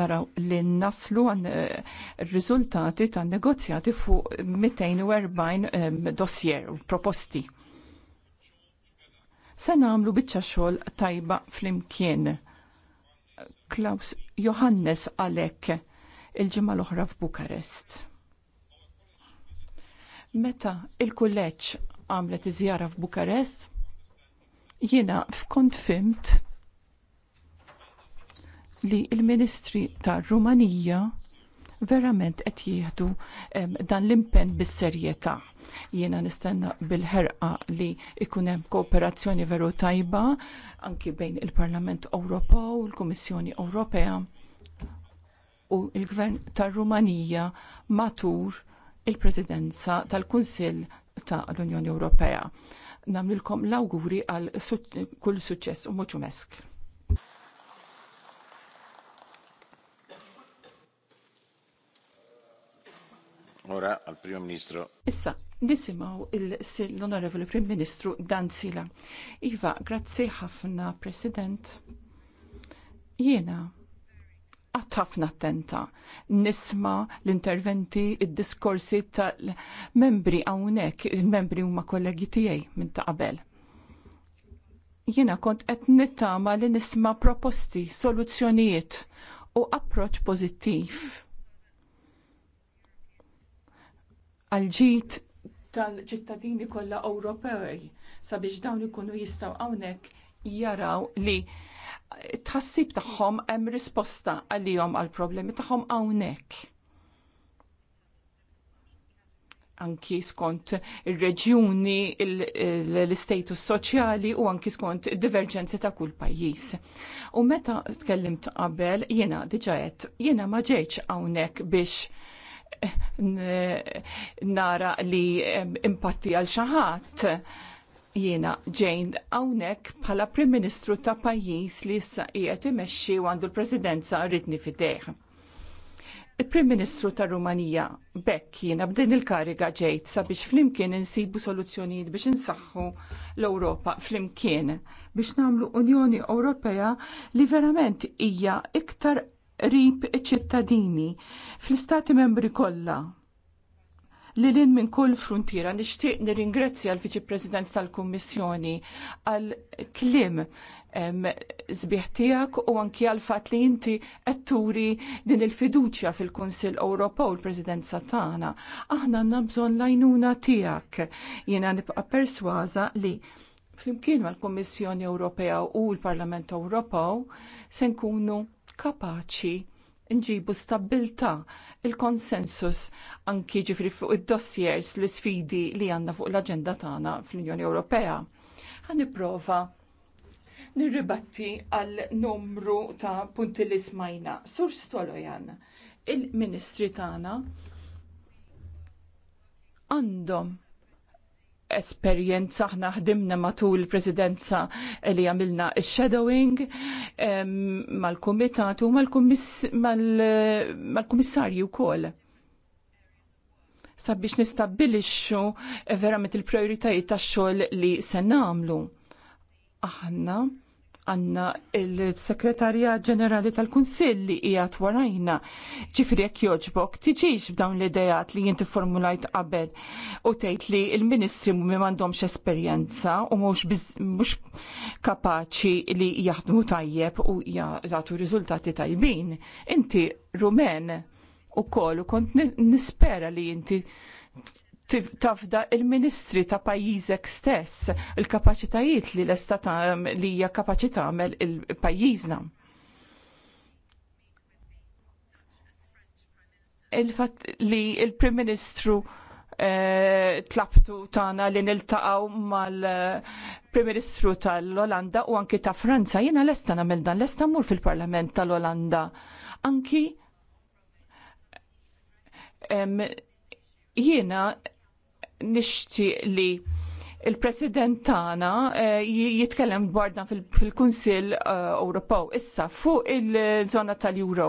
naraw li naslu għan eh, riżultati tan negozjati fuq 240 ehm, dossier u proposti. Se nagħmlu biċċa xogħol tajba flimkien. Klaus Johannes għalek il-ġimgħa l-oħra f'Bukarest. Meta il-kulleġġ għamlet iżjara f'Bukarest, jiena f'kont fimt li l ministri tar-Rumanija verament qed jieħdu dan l-impenn bis-serjetà. Jiena nistenna bil-ħerqa li ikun hemm kooperazzjoni veru tajba anki bejn il-Parlament Ewropew, l kummissjoni Ewropea u l-Gvern tar-Rumanija matur il-Presidenza tal-Kunsill ta' l-Unjoni Ewropea. Namlilkom l-awguri għal kull suċċess u moċu mesk. Ora al Primo Ministro. Issa, nisimaw l-Onorevoli Prim Ministru Dan Sila. Iva, grazzi ħafna, President. Jena, għattafna ħafna attenta. Nisma l-interventi, id-diskorsi tal-membri għawnek, il-membri huma kollegi tiegħi minn ta' qabel. Jiena kont qed nittama li nisma proposti, soluzzjonijiet u approċ pożittiv. Għalġit tal-ċittadini kollha Ewropej sabiex dawn ikunu jistgħu hawnhekk jaraw li tħassib tagħhom hemm risposta għalihom għall problemi tagħhom hawnhekk. Anki skont ir-reġjuni, l-istatus soċjali u anki skont diverġenzi ta' kull pajjiż. U meta tkellimt qabel jiena diġa jena jiena ma ġejtx hawnhekk biex eh, nara li impatti għal xi ħadd jiena ġejn hawnhekk bħala Prim Ministru ta' pajjiż li issa qiegħed imexxi u għandu l-Presidenza ridni fideh. Il-Prim Ministru tar Rumanija bekk jiena b'din il-kariga ġejt sabiex flimkien insibu soluzzjonijiet biex insaħħu l-Ewropa flimkien biex nagħmlu Unjoni Ewropea li verament hija iktar rib iċ-ċittadini fl-istati membri kollha li lin minn kull frontiera nixtieq nirringrazzja l-Viċi President tal-Kummissjoni għal klim zbieħ tiegħek u anki għal fatt li inti qed turi din il-fiduċja fil-Kunsill Ewropew u l-Presidenza tagħna. Aħna għandna bżonn l-għajnuna tiegħek. Jiena nibqa' persważa li flimkien mal-Kummissjoni Ewropea u l-Parlament Ewropew se nkunu kapaċi nġibu stabilta il-konsensus anki ġifri fuq id-dossiers l sfidi li għanna fuq l-agenda tagħna fl-Unjoni Ewropea. Ħaniprofa nirribatti għal numru ta' punti li smajna. Sur Stolojan, il-ministri tagħna għandhom esperjenza aħna ħdimna matul il-presidenza li għamilna il-shadowing mal-komitatu mal-komissarju mal kol. Sabiex nistabilixxu eh, verament il-prioritajiet tax-xogħol li se nagħmlu. Aħna għanna il-Sekretarja Ġenerali tal-Kunsill li qiegħed warajna. Ġifri jekk joġbok tiġix b'dawn l-idejat li jinti formulajt qabel u tgħid li l-Ministri mi m'għandhomx esperjenza u mhux mhux kapaċi li jaħdmu tajjeb u jagħtu riżultati tajbin. Inti Rumen u kol u kont nispera li inti tafda il-ministri ta' pajjiżek stess il-kapaċitajiet li l-estat li hija kapaċi tagħmel il-pajjiżna. Il-fatt li il-Prim Ministru eh, tlabtu tagħna li niltaqgħu mal-Prim Ministru tal-Olanda u anki ta' Franza jiena lesta nagħmel dan l-esta mmur fil-Parlament tal-Olanda. Anki jiena nixtieq li il-President tagħna eh, jitkellem dwar fil-Kunsill eh, Ewropew issa fuq il-żona tal-Euro.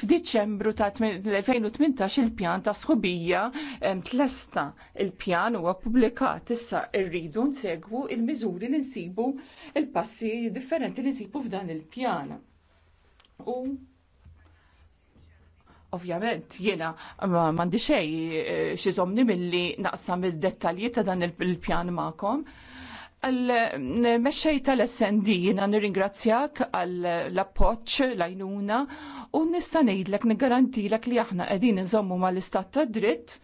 F'Diċembru ta' 2018 il-pjan ta' sħubija eh, tlesta il-pjan huwa ppubblikat issa rridu nsegwu il-miżuri li nsibu il-passi differenti li nsibu f'dan il-pjan. U Ovvjament, jena mandi xej eh, xizomni mill-li naqsam il-dettalji ta' dan il-pjan ma'kom. Meċċej tal-SND jiena nir-ingrazzjak għal-appoċ ajnuna u nistanejdlek nigarantilek li aħna għedin nżommu mal-istat ta' dritt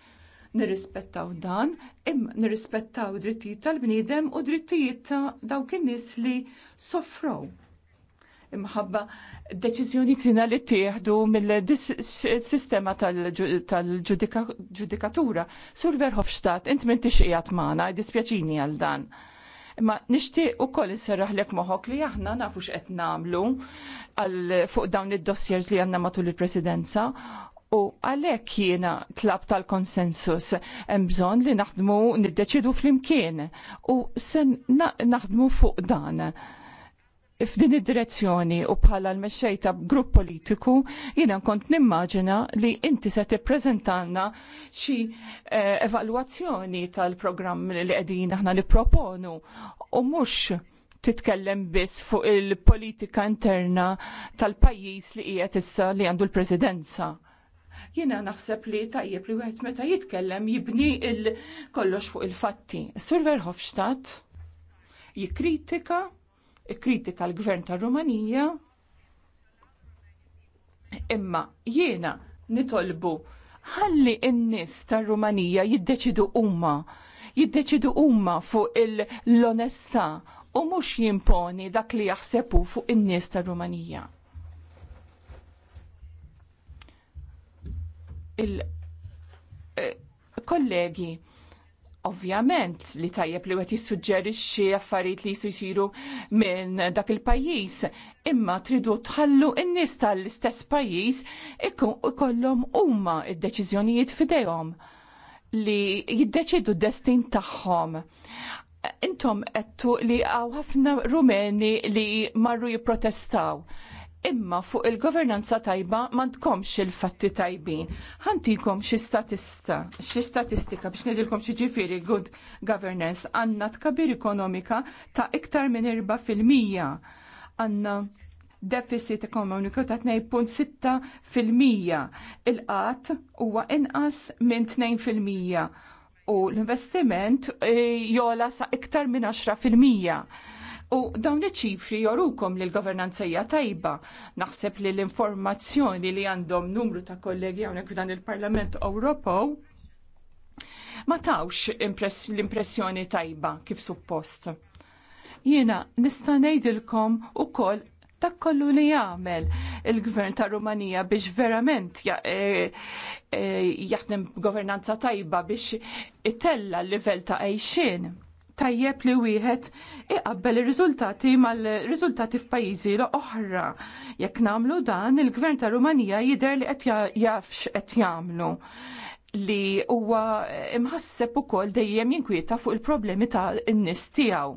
nirrispettaw dan, im nirrispettaw drittijiet tal-bniedem u drittijiet ta' dawk in-nies li soffrow imħabba deċiżjoni tina li tieħdu mill-sistema tal-ġudikatura. Sur Verhofstadt, int minn tixqijat maħna, dispjaċini għal dan. Ma nishtiq u koll serraħ lek moħok li aħna nafu x'qed namlu fuq dawn id-dossiers li għanna matul il-presidenza U għalek jiena tlab tal-konsensus, mbżon li naħdmu niddeċidu fl-imkien u sen naħdmu fuq dan f'din id-direzzjoni u bħala l-mexxej ta' grupp politiku jiena kont nimmaġina li inti se tippreżentanna xi eh, evalwazzjoni tal-programm li qegħdin aħna nipproponu u mhux titkellem biss fuq il-politika interna tal-pajjiż li qiegħed issa li għandu l-presidenza. Jiena naħseb li tajjeb li wieħed meta jitkellem jibni il-kollox fuq il-fatti. Sur Verhofstadt jikkritika kritika l-gvern ta' Rumanija imma jiena nitolbu ħalli n-nis ta' Rumanija jiddeċidu umma jiddeċidu umma fuq l onesta u mhux jimponi dak li jaħsebu fuq in-nies ta' Rumanija. Il eh, kollegi Ovvjament li tajjeb li għet jissuġġerixxi affarijiet li jisu jisiru minn dak il-pajjiż, imma tridu tħallu n-nies tal-istess pajjiż ikollhom huma d deċiżjonijiet f'idejhom li jiddeċidu d-destin tagħhom. Intom qedtu li għaw ħafna Rumeni li marru jipprotestaw imma fuq il-governanza tajba ma tkomx il-fatti tajbin. Ħantikom xi statista, xi statistika biex nidilkom xi ġifiri good governance għandna tkabir ekonomika ta' iktar minn 4 fil-mija. Għandna deficit ekonomiku ta' 2.6 fil-mija. Il-qat huwa inqas minn 2 fil-mija u l-investiment eh, jola sa' iktar minn 10 fil-mija U dawn iċ-ċifri jorukom li l-governanzija tajba. Naħseb li l-informazzjoni li għandhom numru ta' kollegi hawnhekk f'dan il-Parlament Ewropew ma tawx l-impressjoni tajba kif suppost. Jiena nista' ngħidilkom ukoll dak kollu li jagħmel il-gvern ta' Rumanija biex verament e- e- jaħdem governanza tajba biex itella l-livell ta' għajxin tajjeb li wieħed iqabbel ir-riżultati mal-riżultati f'pajjiżi oħra. Jekk nagħmlu dan, il-Gvern ta' Rumanija jidher li qed jafx qed jagħmlu li huwa imħasseb ukoll dejjem jinkwieta fuq il-problemi ta' n-nies tiegħu.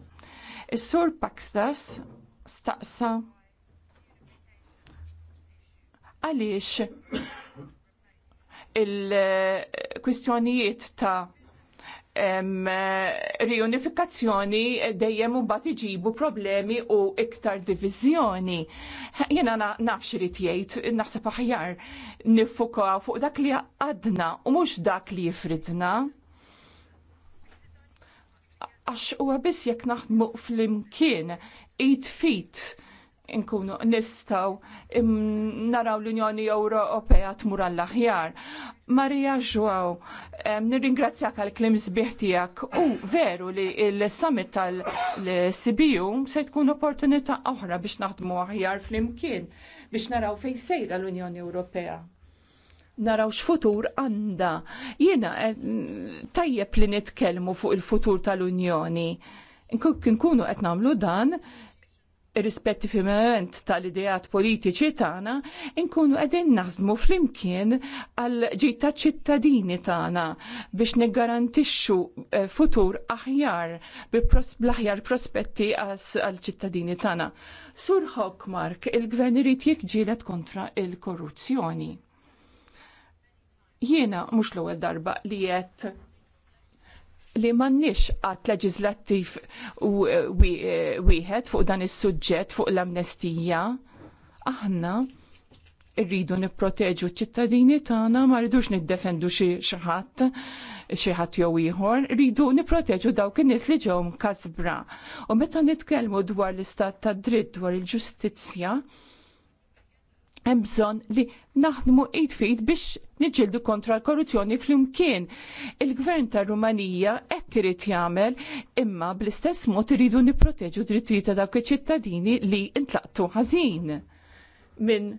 Is-sur Paxtas staqsa għaliex il-kwistjonijiet ta' riunifikazzjoni dejjem u bat iġibu problemi u iktar divizjoni. Jena nafx xirrit jgħid, naħseb aħjar nifuka fuq dak li għadna u mux dak li jifridna. Għax u għabis jek naħdmu fl-imkien, id fit Inkunu nistaw naraw l-Unjoni Ewropea tmur għall-aħjar. Maria Joao, nirringrazzjak għal klim sbieħ tijak u veru li il-summit tal-Sibiju se tkun opportunità oħra biex naħdmu aħjar fl-imkien biex naraw fej sejra l-Unjoni Ewropea naraw x'futur għanda. Jiena tajjeb li nitkellmu fuq il-futur tal-Unjoni. Nkunu qed nagħmlu dan irrispettivament tal-ideat politiċi tagħna, inkunu qegħdin naħdmu flimkien għal ġita ċittadini tagħna biex niggarantixxu eh, futur aħjar bl-aħjar prospetti għal ċittadini tagħna. Sur Hockmark, il-gvern irid jikġielet kontra il-korruzzjoni. Jiena mhux l-ewwel darba li qed li mannix għat leġizlattif e, e, wieħed fuq dan is-suġġett fuq l-amnestija. Aħna rridu nipproteġu ċ-ċittadini tagħna ma rridux niddefendu xi ħadd xi ħadd jew ieħor, rridu nipproteġu dawk in-nies li ġew kasbra. U meta nitkellmu dwar l-istat tad dritt dwar il-ġustizzja, hemm bżonn li naħdmu id fit biex niġildu kontra l-korruzzjoni flimkien. Il-gvern tar Rumanija hekk irid jagħmel imma bl-istess mod iridu nipproteġu drittijiet ta' dawk iċ-ċittadini li ntlaqtu ħażin minn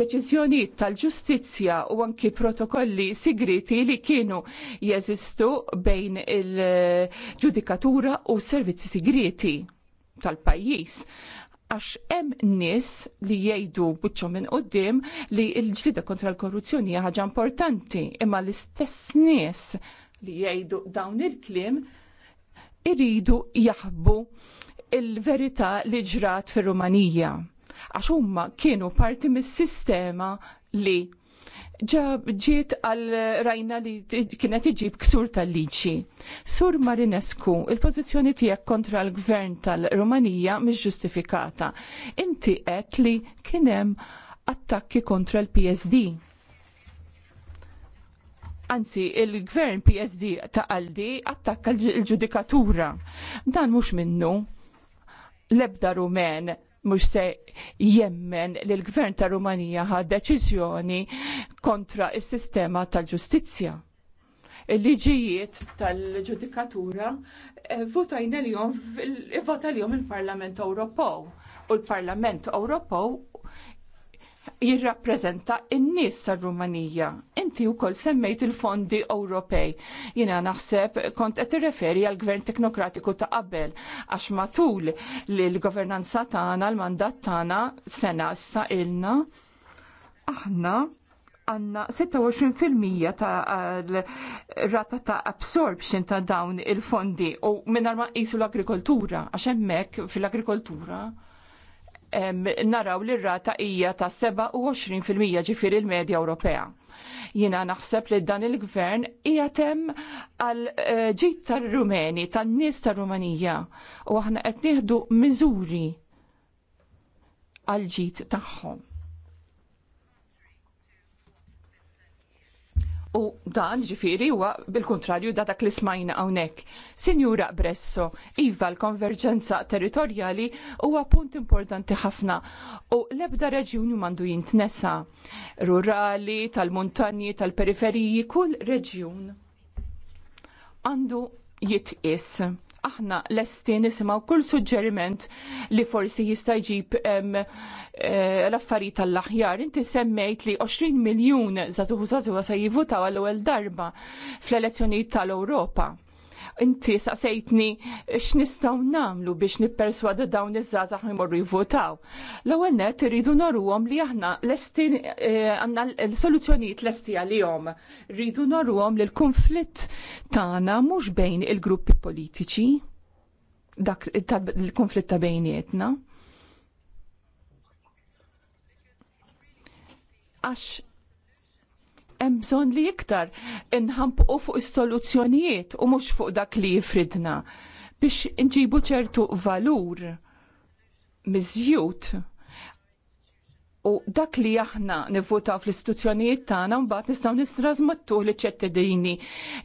deċiżjonijiet tal-ġustizzja u anki protokolli sigriti li kienu jeżistu bejn il-ġudikatura u servizzi sigriti tal-pajjiż għax hemm nies li jgħidu buċċhom minn qudiem li l-ġlida kontra l-korruzzjoni hija ħaġa importanti, imma l-istess nies li jgħidu dawn il-kliem iridu jaħbu il-verità li ġrat fir-Rumanija għax huma kienu parti mis-sistema li ġiet għal rajna li kienet iġib ksur tal-liċi. Sur Marinescu, il-pozizjoni tijak kontra l-gvern tal-Romanija mhix ġustifikata. Inti għet li kienem attakki kontra l-PSD. Anzi, il-gvern PSD ta' għaldi attakka l-ġudikatura. Dan mhux minnu l-ebda rumen mhux se jemmen li l-gvern ta' Rumanija ħad deċiżjoni kontra s sistema tal-ġustizzja. Il-liġijiet tal-ġudikatura eh, votajna l-jom, vota l il-Parlament Ewropew u l-Parlament Ewropew jirrappreżenta in-nies tar-Rumanija. Inti wkoll semmejt il-fondi Ewropej. Jiena naħseb kont qed irreferi għal gvern teknokratiku ta' qabel għax matul li l-governanza tagħna l-mandat tagħna sena issa ilna aħna għanna 26% ta' rata ta' absorption ta' dawn il-fondi u minnar ma' jisu l-agrikoltura, għax hemmhekk fil-agrikoltura naraw li r-rata hija ta' 27% ġifir il-medja Ewropea. Jina naħseb li dan il-gvern hija tem għal eh, ġit tar-Rumeni, tan-nies tar-Rumanija u aħna qed nieħdu miżuri għal ġit tagħhom. U dan ġifiri huwa bil-kontrarju da dak li smajna hawnhekk. Sinjura Bresso, iva l-konverġenza territorjali huwa punt importanti ħafna u l-ebda reġjuni mandu jintnesa. Rurali, tal-muntanji, tal-periferiji, kull reġjun għandu jitqis aħna lesti nisimaw kull suġġeriment li forsi jista' jġib eh, l-affarijiet tal-aħjar. Inti semmejt li 20 miljun żagħżugħu żagħżugħa se jivutaw għall-ewwel darba fl-elezzjonijiet tal-Ewropa. Inti saqsejtni x'nistgħu nagħmlu biex nipperswada dawn iż-żgħażagħ imorru jivvotaw. L-ewwel nett irridu norruhom li aħna lesti eh, għandna l-soluzzjonijiet lesti għalihom. Rridu norruhom li l-konflitt tagħna mhux bejn il-gruppi politiċi dak il-konflitt ta' bejnietna. Għax hemm bżonn li iktar inħampqu fuq is-soluzzjonijiet u mhux fuq dak li jifridna biex inġibu ċertu valur miżjud u dak li aħna nivvutaw fl-istituzzjonijiet tagħna mbagħad nistgħu nistrażmattu li ċettedini.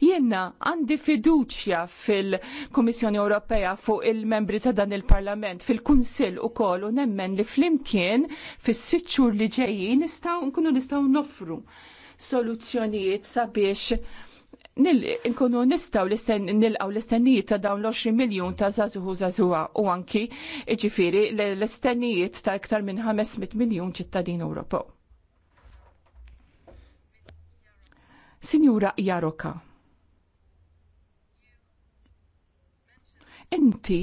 Jiena għandi fiduċja fil-Kummissjoni Ewropea fuq il-membri ta' dan il-Parlament fil-Kunsill ukoll u nemmen li flimkien fis-sitt xhur li ġejjin nistgħu nkunu nistgħu nofru soluzzjonijiet sabiex nkunu nistaw nilqaw l-istennijiet ta' dawn l-20 miljon ta' zazuhu zazuha u anki ġifiri l-istennijiet ta' iktar minn 500 miljon ċittadin Ewropew. Sinjura Jaroka. Inti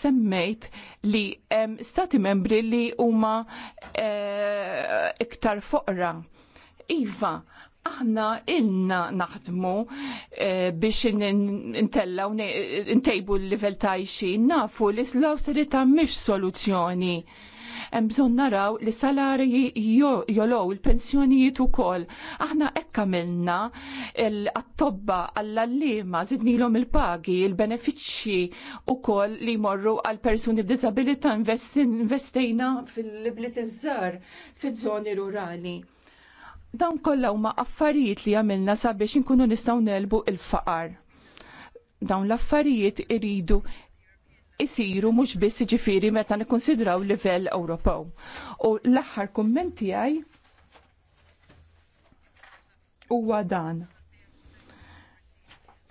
semmejt li um, stati membri li huma uh, iktar foqra. Iva, aħna ilna naħdmu uh, biex intellaw intejbu l-level tajxin, nafu li l-austerita mhix soluzzjoni hemm bżonn naraw li salari jolow il-pensjonijiet ukoll. Aħna hekk għamilna l-attobba għall-allima żidnilhom il-pagi, il-benefiċċji ukoll li jmorru għal persuni b'diżabilità investejna fil-bliet iż-żar fiż-żoni rurali dawn kollha huma affarijiet li għamilna sabiex inkunu nistgħu nelbu il-faqar. Dawn l-affarijiet iridu isiru mhux biss jiġifieri meta nikkonsidraw livell Ewropew. U l-aħħar kumment tiegħi huwa dan.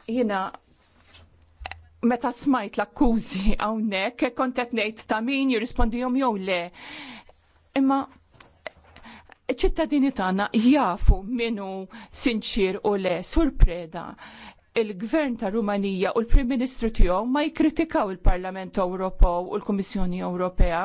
Jiena meta smajt l-akkużi hawnhekk kont qed ngħid ta' min jirrispondihom jew le. Imma ċittadini tagħna jafu minu sinċir u le surpreda il-Gvern ta' Rumanija u l-Prim Ministru tiegħu ma jikkritikaw il-Parlament Ewropew u l-Kummissjoni Ewropea.